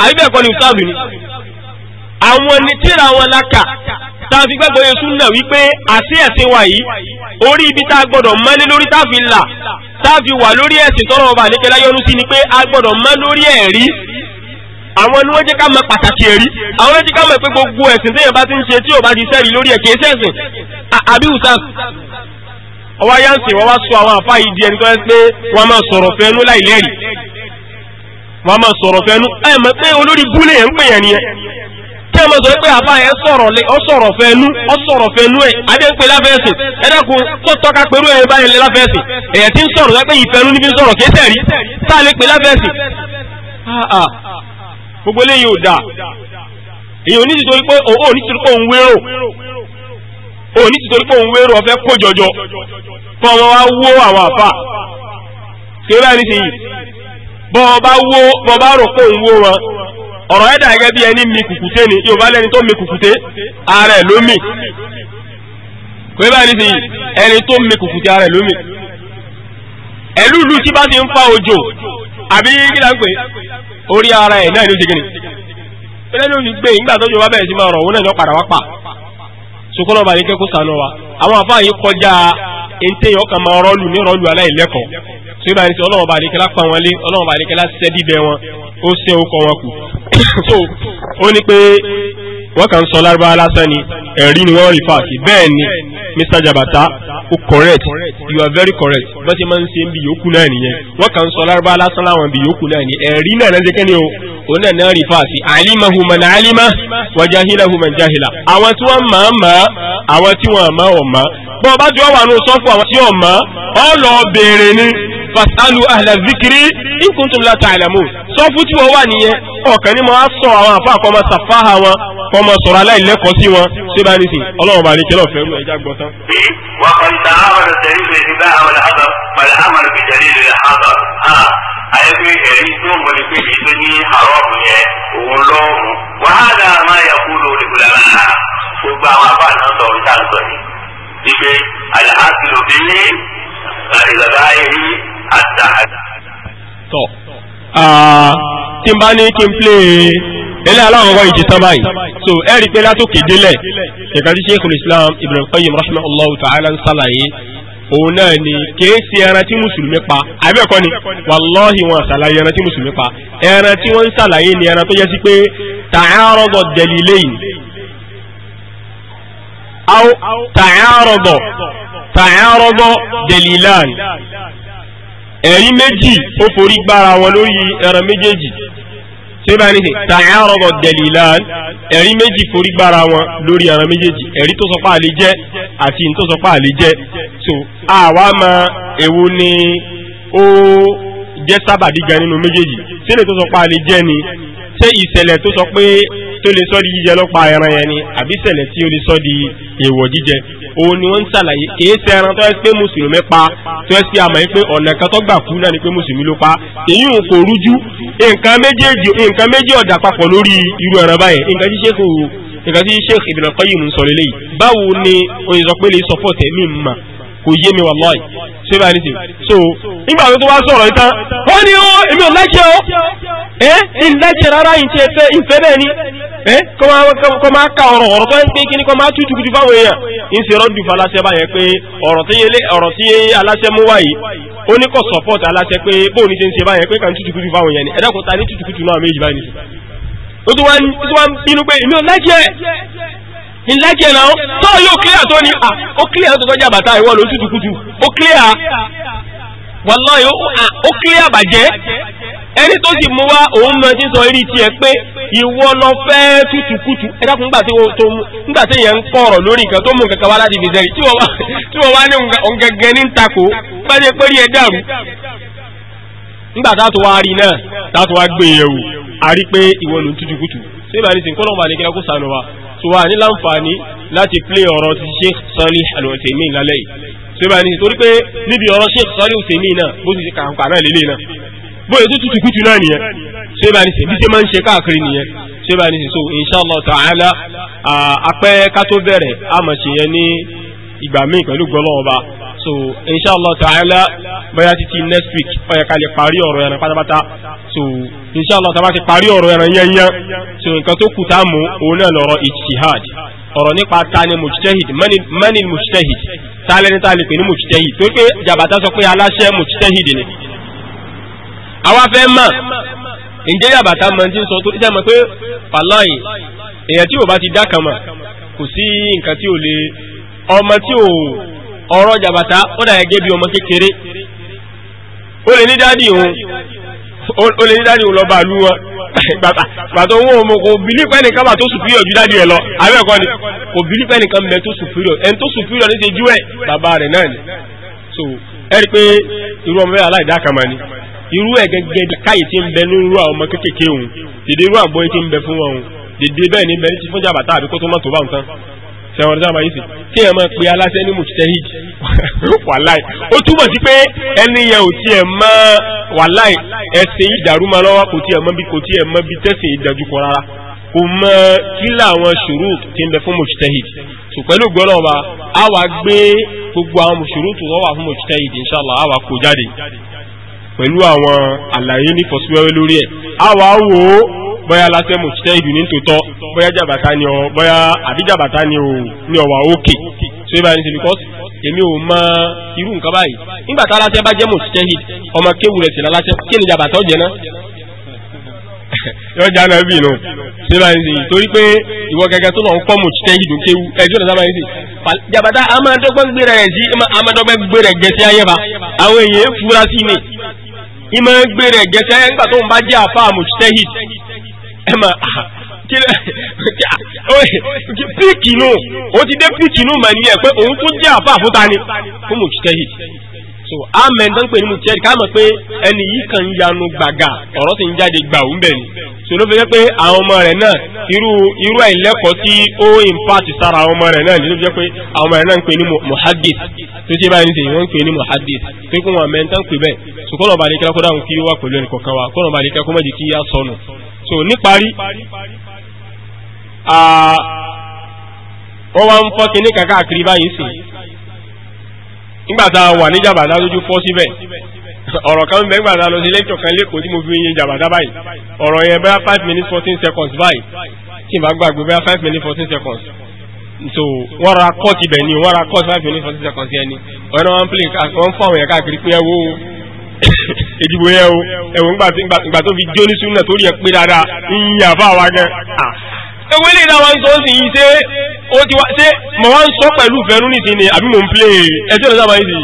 àbíbẹ̀ ẹ̀kọ́ ni ustaz ni àwọn ni tíra wọn lákà tá a fi gbàgbọ́ yẹn súnà wípé àti ẹ̀sìn wa yìí orí ibi tá a gbọ́dọ̀ mọ́lé lórí tá a fi là tá a fi wà lórí ẹ̀sìn tọ́lọ́ ọba àlékẹ́lá yọnu sí ni pé a gbọ́dọ̀ mọ́ lórí ẹ̀rí àwọn ni wọ́n jẹ́ ká mọ pàtàkì ẹ̀rí àwọn jẹ́ ká mọ pé gbogbo ẹ̀sìn téèyàn bá ti ń ṣe tí ò bá ti sẹ́rí lórí ẹ̀kẹ́ sẹ́sìn àbí usas ọwọ́ yánsìn wọ́n wá sọ àwọn àfa di ẹni tó ẹ́ pé wọ́n máa sọ̀rọ̀ fẹ́nu láìlẹ́rìí wọ́n máa sọ̀rọ̀ fẹ́nu ẹ̀ mọ̀ pé olórí búlẹ̀ ń pè yẹn nìyẹn kí ọmọ sọ pé àbá yẹn sọ̀rọ̀ lé ọ̀sọ̀rọ̀ fẹ́nu ọ̀sọ̀rọ̀ fẹ́nu ẹ̀ adéǹpé láfẹ́sìn ẹ̀dẹ́kun tó tọ́ka pẹ̀lú ẹ̀ báyìí lé láfẹ́sìn ẹ̀yẹ tí ń sọ̀rọ̀ sọ pé ìfẹ́nu níbi ń sọ̀rọ̀ kéṣẹ̀ rí táà lè pè láfẹ́sìn. gbogbo eléyìí ò dáa èyí ò ní títorí pé òun ò ní títorí pé òun wérò òun ní títorí pé òun wérò ọ̀fẹ́ kó jọjọ fún ọmọ wa wó àwọn àfà ṣé báyìí níṣẹ́ yìí bọ́ ọba rò pé òun wó wọn ọ̀rọ̀ ẹ̀dà gẹ́gẹ́ bí ẹni mi kùkùté ni yóò bá lẹ́ni tó mi kùkùté ara ẹ̀ lómi kò bá ní sèyí ẹni tó mi kùkùté ara ẹ̀ lómi ẹ̀lú ìlú tí bá ti ń fa òjò àbí kí la ń pè orí ara ẹ̀ náà ló ṣe gini pẹ̀lẹ́ ló gbé ìgbà tó jọba bẹ̀rẹ̀ sí máa rọ̀ òun náà lọ padà wá pa sokolo bá yẹ kẹ́kọ̀ọ́ sànú wa àwọn àfáà yìí kọjá ente yọ kàn máa rọ́ọ̀lù ní rọ́ọ̀lù aláìlẹ́kọ̀ọ́ so ibà ní sọ ọlọ́wọ́n bá àdékẹ́lá pa wọn lé ọlọ́wọ́n bá àdékẹ́lá ṣẹ́ wọn ó ṣe okọ̀ wọn kù so ó ní pé wọ́n kàn ń sọ lárúbáwá lásán ni ẹ̀rí ni wọ́n rí fáàkì bẹ́ẹ̀ ni Mr. Jabata o correct you are very correct bọ́n ti máa ń ṣe bí yòókù náà nìyẹn wọ́n kàn ń sọ lárúbáwá lásán láwọn bí yòókù náà ni ẹ̀rí náà náà jẹ́kẹ́ ni o náà náà rí fáàkì alimahu man alima wa jahilahu man jahila àwọn tí wọ́n máa ń mọ̀ àwọn tí wọ́n máa ń mọ̀ bọ́n bá jọ wà nù sọ́f kó àwọn tí ò mọ̀ ọ́ lọ béèrè ni fasalu ahla zikiri in kuntum la ta'lamun sọ fún tí wọ́n wà nìyẹn ọ̀kan ní máa sọ àwọn àfa àkọ́mọ sàfáhà wọn kọ́mọ sọ̀rọ̀ aláìlẹ́kọ̀ọ́ sí wọn ṣé bá nìsín ọlọ́run bá ní kí lọ́ọ̀fẹ́ rú ẹja gbọ́ tán. wọ́n kọ́ ní tààmàlù tẹ̀lé ìgbà àwọn àbọ̀ pẹ̀lú àmàlù ìjẹ̀lẹ̀ ìlẹ̀ àbọ̀ ayẹyẹ ẹ̀rí tó ń wọlé pé èyí tó ní àrọ́ọ̀mù yẹn òun ló mú wàhálà máa yẹ kúrò olùkùnrin àlá gbogbo àwọn abáàlá sọ ìdáǹtọ̀ yìí wípé العدل به غير ذائه التحدي. tọ́ uh, tí n bá ní kí n plé ilé aláwọ̀ wáyé ti tán báyìí so ẹ rí i pé látòkè délẹ̀ nǹkan tí Sheikhul Islam Ibn Qayyim rahimahullah ta'ala ń ṣàlàyé òun náà ni kìí ṣe ẹran tí mùsùlùmí pa àbẹ́ẹ̀kọ́ ni wàláhì wọn ṣàlàyé ẹran tí mùsùlùmí pa ẹran tí wọ́n ń ṣàlàyé ni ẹran tó yẹ sí pé ta'arada ad-dalilayn أو تعارض تعارض دليلان ẹ̀rí méjì ó forí gbára wọn lórí ẹran méjèèjì tí ó bá ní ta'arada dalilan ẹ̀rí méjì forí gbára wọn lórí ẹran méjèèjì ẹ̀rí tó sọpá àlè jẹ́ àti ìyìn tó sọpá àlè jẹ́ so àwa ma èwo ni ó jẹ́ sábàdí gan nínú méjèèjì sílẹ̀ tó sọpá àlè jẹ́ ni ṣé ìṣẹ̀lẹ̀ tó sọ pé tó lè sọ di jíjẹ lọ́pa ẹran yẹn ni àbí ìṣẹ̀lẹ̀ tí ó lè sọ di èèwọ̀ jíjẹ òun ni wọ́n ń ṣàlàyé kìí ṣe ẹran tó yẹ pé mùsùlùmí pa tó yẹ sí àmọ́ pé ọ̀nà kan tó gbà kú náà ni pé mùsùlùmí ló pa èyí ò kò rújú nǹkan méjèèjì nǹkan méjì ọ̀dà papọ̀ lórí irú ẹran báyẹn nǹkan tí Sheikh nǹkan tí Sheikh Ibn sọ kò yé mi wàlọ́ọ̀ì ṣé bá ní sè so nígbà tó wá sọ̀rọ̀ ìtàn wọ́n ní ó oh, èmi ò lẹ́kẹ̀ ọ́ ẹ́ ń eh, lẹ́kẹ̀ rárá ìṣe ẹ̀fẹ́ ìfẹ́ bẹ́ẹ̀ ni ẹ́ eh, kọ́ máa ka ọ̀rọ̀ ọ̀rọ̀ tó ń pé kíní kọ́ máa tú tukutu fáwọn èèyàn ń ṣe rọ́dù fún aláṣẹ báyẹn pé ọ̀rọ̀ tí aláṣẹ mú wáyé ó ní kò support aláṣẹ pé bóun ní ṣe ń ṣe báyẹn pé kàn tú tukutu fáwọn èèyàn ni ẹ̀dá kò ta ní tú tukutu náà méjì báyìí ó tún wá ń bínú pé èmi ò lẹ́kẹ̀ ìlẹ́jẹ̀ náà tó yóò clear tó ní à ó clear tó tọ́jà bàtà ìwọ ló tútù kútù ó clear ó clear ẹni tó sì mú wá òun mọ sọ eré tiẹ̀ pé ìwọ lọ fẹ́ ẹ dákun nígbà tí tó mú nígbà tí ń kọ̀rọ̀ lórí nǹkan tó mú kankan wá láti fi sẹ́yìn tí wọ́n wá ní ọ̀gẹ̀gẹ̀ ní pé rí a pé ìwọ ń so wà ní láǹfààní láti plé ọ̀rọ̀ ti Sheikh Salih Al-Uthaymeen lálẹ́ yìí so bá ní torí pé níbi ọ̀rọ̀ Sheikh Salih Al-Uthaymeen náà bó ti kàǹkà náà lélẹ̀ náà bóyá tó tutù kùtù náà nìyẹn so bá ní sè bí sè máa ń ṣe káàkiri nìyẹn so bá ní sè so inshallah ta'ala apẹ́ ká bẹ̀rẹ̀ àmọ̀ ṣèyẹn ní ìgbà míì pẹ̀lú gbọ́lọ́wọ́ bá so inshallah ta'ala bóyá títí next week ó yẹ ká lè parí ọ̀rọ̀ ẹran pátápátá so inshallah tá a bá ti parí ọ̀rọ̀ ẹran yẹnyẹn so nǹkan tó kù tá a mú òun náà lọ́rọ̀ ijtihad ọ̀rọ̀ nípa ta ni mujtahid mani mujtahid ta lẹni ta lè pè ní mujtahid tó pé jàbàtà sọ pé aláṣẹ mujtahid ni àwa fẹ́ mọ̀ ǹjẹ́ jàbàtà mọ̀ ti ń sọ tó jẹ́ mọ̀ pé pàlọ́yìn èèyàn tí ò bá ti dá kan mọ̀ kò sí nǹkan tí ọmọ tí ò ọ̀rọ̀ jàbàtà ó dà gẹ́gẹ́ bí ọmọ kékeré ó lè ní dáàdì òun ó lè ní dáàdì òun lọ́ba àlú wọn bàtà owó ọmọ kò bìlípù ẹnìkan bà tó superior ju dáàdì ẹ lọ àbẹ́ ẹ̀kọ́ ni kò bìlípù ẹnìkan bẹ tó superior ẹni tó superior ní ṣe jú ẹ̀ bàbá rẹ̀ náà ni so ẹ pé irú ọmọ bẹ́ẹ̀ aláìdákàmá ni irú ẹ̀ gẹ́gẹ́ káyì tí ń bẹ ní irú ọmọ kékèké òun dèdè irú àgbọ̀yé tí ń bẹ fún wọn òun dèdè bẹ́ẹ̀ ni bẹ́ẹ̀ ti fún jàbàtà àbíkó tó mọ̀ tó bá nǹkan sẹ́wọ̀n sábà yìí sì kí ẹ̀ máa pe aláṣẹ ní mùsítẹ́hì wàláì ó túmọ̀ sí pé ẹni yẹn ò tiẹ̀ mọ wàláì ẹ̀sìn ìdàrúmọ lọ́wọ́ kò tiẹ̀ mọ bí kò tiẹ̀ mọ bí tẹ̀sìn ìdàjú kọ rárá kò mọ kí làwọn ṣòro ti ń bẹ fún mùsítẹ́hì tó pẹ̀lú gbọ́dọ̀ wa a wá gbé gbogbo àwọn ṣòro tó wà fún mùsítẹ́hì inṣàlá a bóyá lásẹ̀ mùsùlùmí ìdù ní tòótọ́ bóyá jàbàtà ni ọ bóyá àbí jàbàtà ni ò ni ọ̀wà òkè so ibà ní sèlú kọ́sì èmi ò mọ irú nǹkan báyìí nígbà tá lásẹ̀ bá jẹ́ mùsùlùmí ọmọ kéwù rẹ̀ sì lásẹ̀ kí ni jàbàtà ọ̀jẹ̀ náà yọjà náà bì nù ṣé báyìí sì torí pé ìwọ gẹ́gẹ́ tó lọ ń kọ́ mùsùlùmí ìdù kéwù ẹ̀jọ́ náà sábà yìí sì jàbàtà amadọ́gbọ́n gbé ni ìmọ̀ gbé rẹ̀ gẹ̀ẹ́sẹ̀ nígbà tó ń bá ẹ̀mà kílẹ̀ píìkì nù ó ti dé píìkì nù mà níyẹn pé òun tún jẹ́ àfa àfúta ni fún mùtítẹ́hìd so amen tó ń pè ní mùtítẹ́hìd ká mọ̀ pé ẹni yìí kàn ń yanu gbàgà ọ̀rọ̀ sì ń jáde gbà òun bẹ̀ ni so ló fi jẹ́ pé àwọn ọmọ rẹ̀ náà irú irú àìlẹ́kọ̀ọ́ tí ó impact sára àwọn ọmọ rẹ̀ náà ló fi jẹ́ pé àwọn ọmọ rẹ̀ náà ń pè ní muhaddith tó ṣe báyìí nìyẹn wọ́n ń pè ní muhaddith pé kó wọn mẹ́ta ń pè bẹ́ẹ̀ so kọ́nà bá ní kílákó dáhùn kí ó wà pẹ̀lú ẹnì kọ̀ọ̀kan wa kọ́nà bá ní kílákó mọ́jì kí á sọnù so níparí wọ́n wá ń fọ́ kíní kàkà àkiri báyìí sí nígbà tá a wà ní jàbàdá lójú fọ́ síbẹ̀ ọ̀rọ̀ kan bẹ́ẹ̀ gbàdá lọ sí lẹ́kítọ̀ kan lẹ́kọ̀ọ́ tí mo fi yin jàbàdá báyìí ọ̀rọ̀ yẹn bẹ́ẹ̀ five minutes fourteen seconds báyìí tí n bá gbàgbé bẹ́ẹ̀ five minutes fourteen seconds so wọ́n ra kọ́ọ̀tì bẹ̀ ni wọ́n ra kọ́ọ̀tì five minutes fourteen seconds yẹn ni ọ̀rẹ́ wọn ń pè wọ́n ń fọ́ àwọn yẹn káàkiri pé ẹ wo ìdìbò yẹn o ẹ̀wọ̀n gbà tó fi jó ní súnà torí ẹ̀ pé dáadáa ń yà fún àwa gan. ewé lè dáwọn sọ sí yìí ṣé ó ti wá ṣé mo wá ń sọ pẹ̀lú ìfẹ́nu nìsín ni àbí mo ń plé ẹjọ́ ìdájọ́ àbáyé sí i.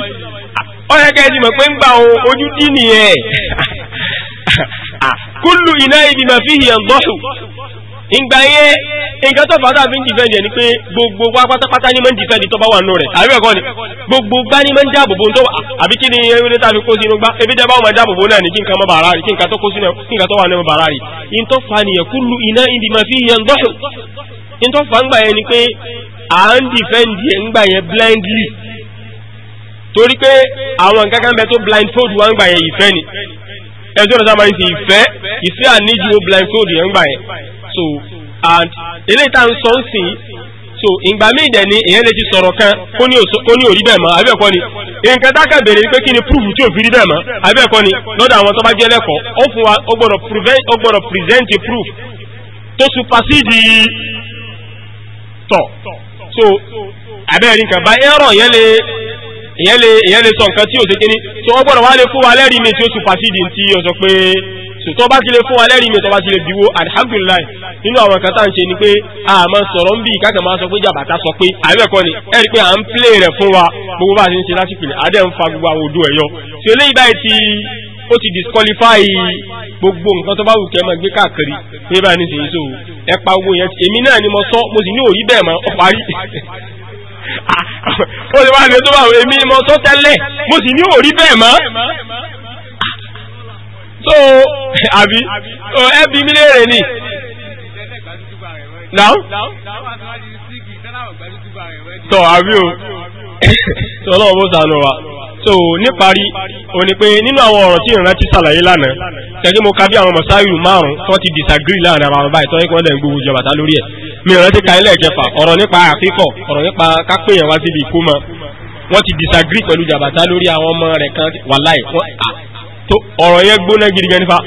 ọ̀yẹ́ kẹ́ ẹ ti mọ̀ pé ń gbà ojú dí nìyẹn. kúlù iná ibi màfíhì ẹ̀ ìgbà yẹn nǹkan tó fàtà fi ń dìfẹ́ǹdì ẹ̀ ni pé gbogbo wa pátápátá ní máa ń dìfẹ́ǹdì tó bá wà nù rẹ̀ àbí ẹ̀kọ́ ni gbogbo gbá ní máa ń dáàbò bo tó àbí kí ni ewé tá a fi kó sínú gbá ebi dẹ́ bá wọn dáàbò bo náà ní kí nǹkan mọ́ bàrà rí kí nǹkan tó kó sínú kí nǹkan tó wà nínú bàrà rí in tó fa nìyẹn kúlù iná ìdí máa fi yẹn gbọ́ in tó fa ńgbà yẹn ni pé à ń dìfẹ́ǹdì ẹ̀ ńgbà yẹn blindly torí pé àwọn nǹkan kan bẹ tó blindfold wa ńgbà yẹn ìfẹ́ ni ẹjọ́ rẹ̀ sábà ń ṣe ìfẹ́ ìfẹ́ àníjù blindfold yẹn ńgbà yẹn so and eléyìí tá à ń so ìgbà míì dẹ̀ ni èyàn lè ti sọ̀rọ̀ kan kó ní òrí bẹ́ẹ̀ mọ́ àbí ẹ̀kọ́ ni nǹkan dákà bèrè pé kí ni proof tí ò fi rí bẹ́ẹ̀ mọ́ àbí ẹ̀kọ́ ni lọ́dọ̀ àwọn tó bá jẹ́ lẹ́kọ̀ọ́ ó fún wa ó gbọ́dọ̀ present a proof tó supersede tọ̀ so abẹ́rẹ́ nǹkan bá ẹ̀rọ yẹn lè èyàn lè sọ nǹkan tí ò ṣe kíní so ó gbọ́dọ̀ wá lè fún wa lẹ́rìí mi tí ó supersede tí ó sọ pé sòtọ́ bá ti lè fún wa lẹ́rìí mi tọ́ bá ti lè diwo alhamdulillah nínú àwọn kan tá à ń ṣe ni pé a máa sọ̀rọ̀ ń bí ìkákà máa sọ pé jàbàtà sọ pé àbẹ̀kọ́ ni ẹ rí i pé à ń plé rẹ̀ fún wa gbogbo bá a ti ń ṣe lásìkò ní adé ń fa gbogbo àwọn odò ẹ̀yọ tí eléyìí báyìí ti ó ti disqualify gbogbo nǹkan tó bá wù kẹ́ ẹ máa gbé káàkiri ní báyìí ní sèyí so ẹ pa owó yẹn èmi náà ni mo sọ mo sì ní òrí bẹ́ẹ̀ mọ́ ọ parí ah, ó lè wá ní tó bá èmi mo sọ tẹ́lẹ̀ mo sì ní òrí bẹ́ẹ̀ mọ́ so àbí so ẹbí mi léèrè ni. Now? Tọ́ àbí o, tọ́ lọ́wọ́ bó sànù wa. So níparí, o ní pé nínú àwọn ọ̀rọ̀ tí ìrántí ṣàlàyé lánàá, tẹ̀gbẹ́ mo ka bí àwọn mọ̀sáyù márùn-ún tó ti disagree láàrin àwọn báyìí tó ń kí wọ́n dẹ̀ ń gbowó ìjọba tá lórí ẹ̀. Mi ìrántí ka ilé ẹ̀kẹfà, ọ̀rọ̀ nípa àkíkọ̀, ọ̀rọ̀ nípa kápẹ́yàn wá síbi ìkómọ. Wọ́n ti disagree pẹ̀lú jàbàtà lórí àwọn ọmọ rẹ̀ kan wàláì ọ̀rọ̀ yẹn gbóná gidi gan nípa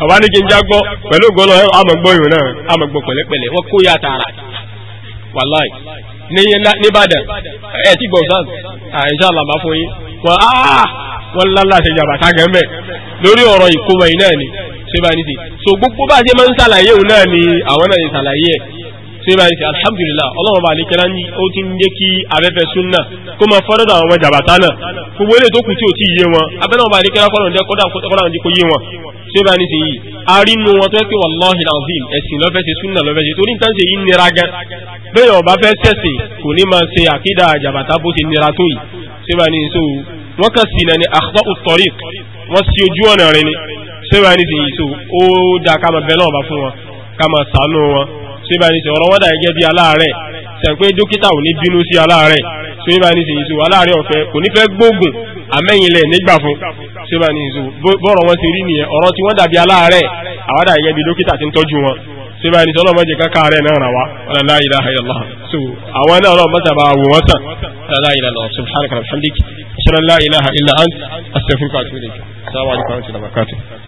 bàbá ní kí n jágbọ́ pẹ̀lú gbọ́lọ́ amọ̀gbọ́ ìrùn náà amọ̀gbọ́ pẹ̀lẹ́pẹ̀lẹ́ wọ́n kó yá tààrà wàláì níbàdàn ẹ̀ tí gbọ̀nsán àìsàn àlàmà fún yín wọ́n á ah, wọ́n lálá ṣe jàmbá ságẹ́ mẹ́ lórí ọ̀rọ̀ ìkómọ yìí náà ni ṣé bá ní sí so gbogbo bá ṣe máa ń ṣàlàyé òun náà ni àwọn náà ni ṣàlàyé ẹ̀ ṣé báyìí sí alhamdulillah ọlọ́run bá àlékẹ́lá ní ó ti ń jẹ́ kí afẹ́fẹ́ súnà kó máa fọ́dọ̀dọ̀ àwọn ọmọ jàbàtà náà gbogbo ilé tó kù tí ò tí yé wọn abẹ́nà ọba àlékẹ́lá kọ́dà kó yé wọn ṣé báyìí sí yìí a rí inú wọn tó ẹ́ pé wallahi alazim ẹ̀sìn lọ́fẹ́ ṣe súnà lọ́fẹ́ ṣe torí nǹkan ṣe yìí nira gan bẹ́ẹ̀ ọba fẹ́ tẹ̀sìn kò ní máa ṣe àkídà jàbàtà bó ṣe nira tó yìí ṣé báyìí sí wọn kàn sí ní akhta'u tariq wọ́n sí ojú ọ̀nà rẹ̀ ni ṣé báyìí sí yìí tó ó dáa ká máa náà bá fún wọn ká máa wọn ṣé báyìí nìṣẹ́ ọ̀rọ̀ wọ́n dà gẹ́gẹ́ bí aláàárẹ̀ sẹ̀ǹpé dókítà ò ní bínú sí aláàárẹ̀ ṣé báyìí nìṣẹ́ yìí sọ aláàárẹ̀ ọ̀fẹ́ kò ní fẹ́ gbóògùn àmẹ́yìnlẹ̀ nígbà fún ṣé báyìí nìṣẹ́ bọ́ọ̀rọ̀ wọn ti rí nìyẹn ọ̀rọ̀ tí wọ́n dàbí aláàárẹ̀ àwọn dà gẹ́gẹ́ bí dókítà ti ń tọ́jú wọn ṣé báyìí nìṣẹ́ ọlọ́mọ jẹ́ káká rẹ̀ náà rà wá ọ̀nà la ilaha illallah so àwọn náà ọlọ́mọ sábà wò wọ́n tàn ọ̀nà la ilaha illallah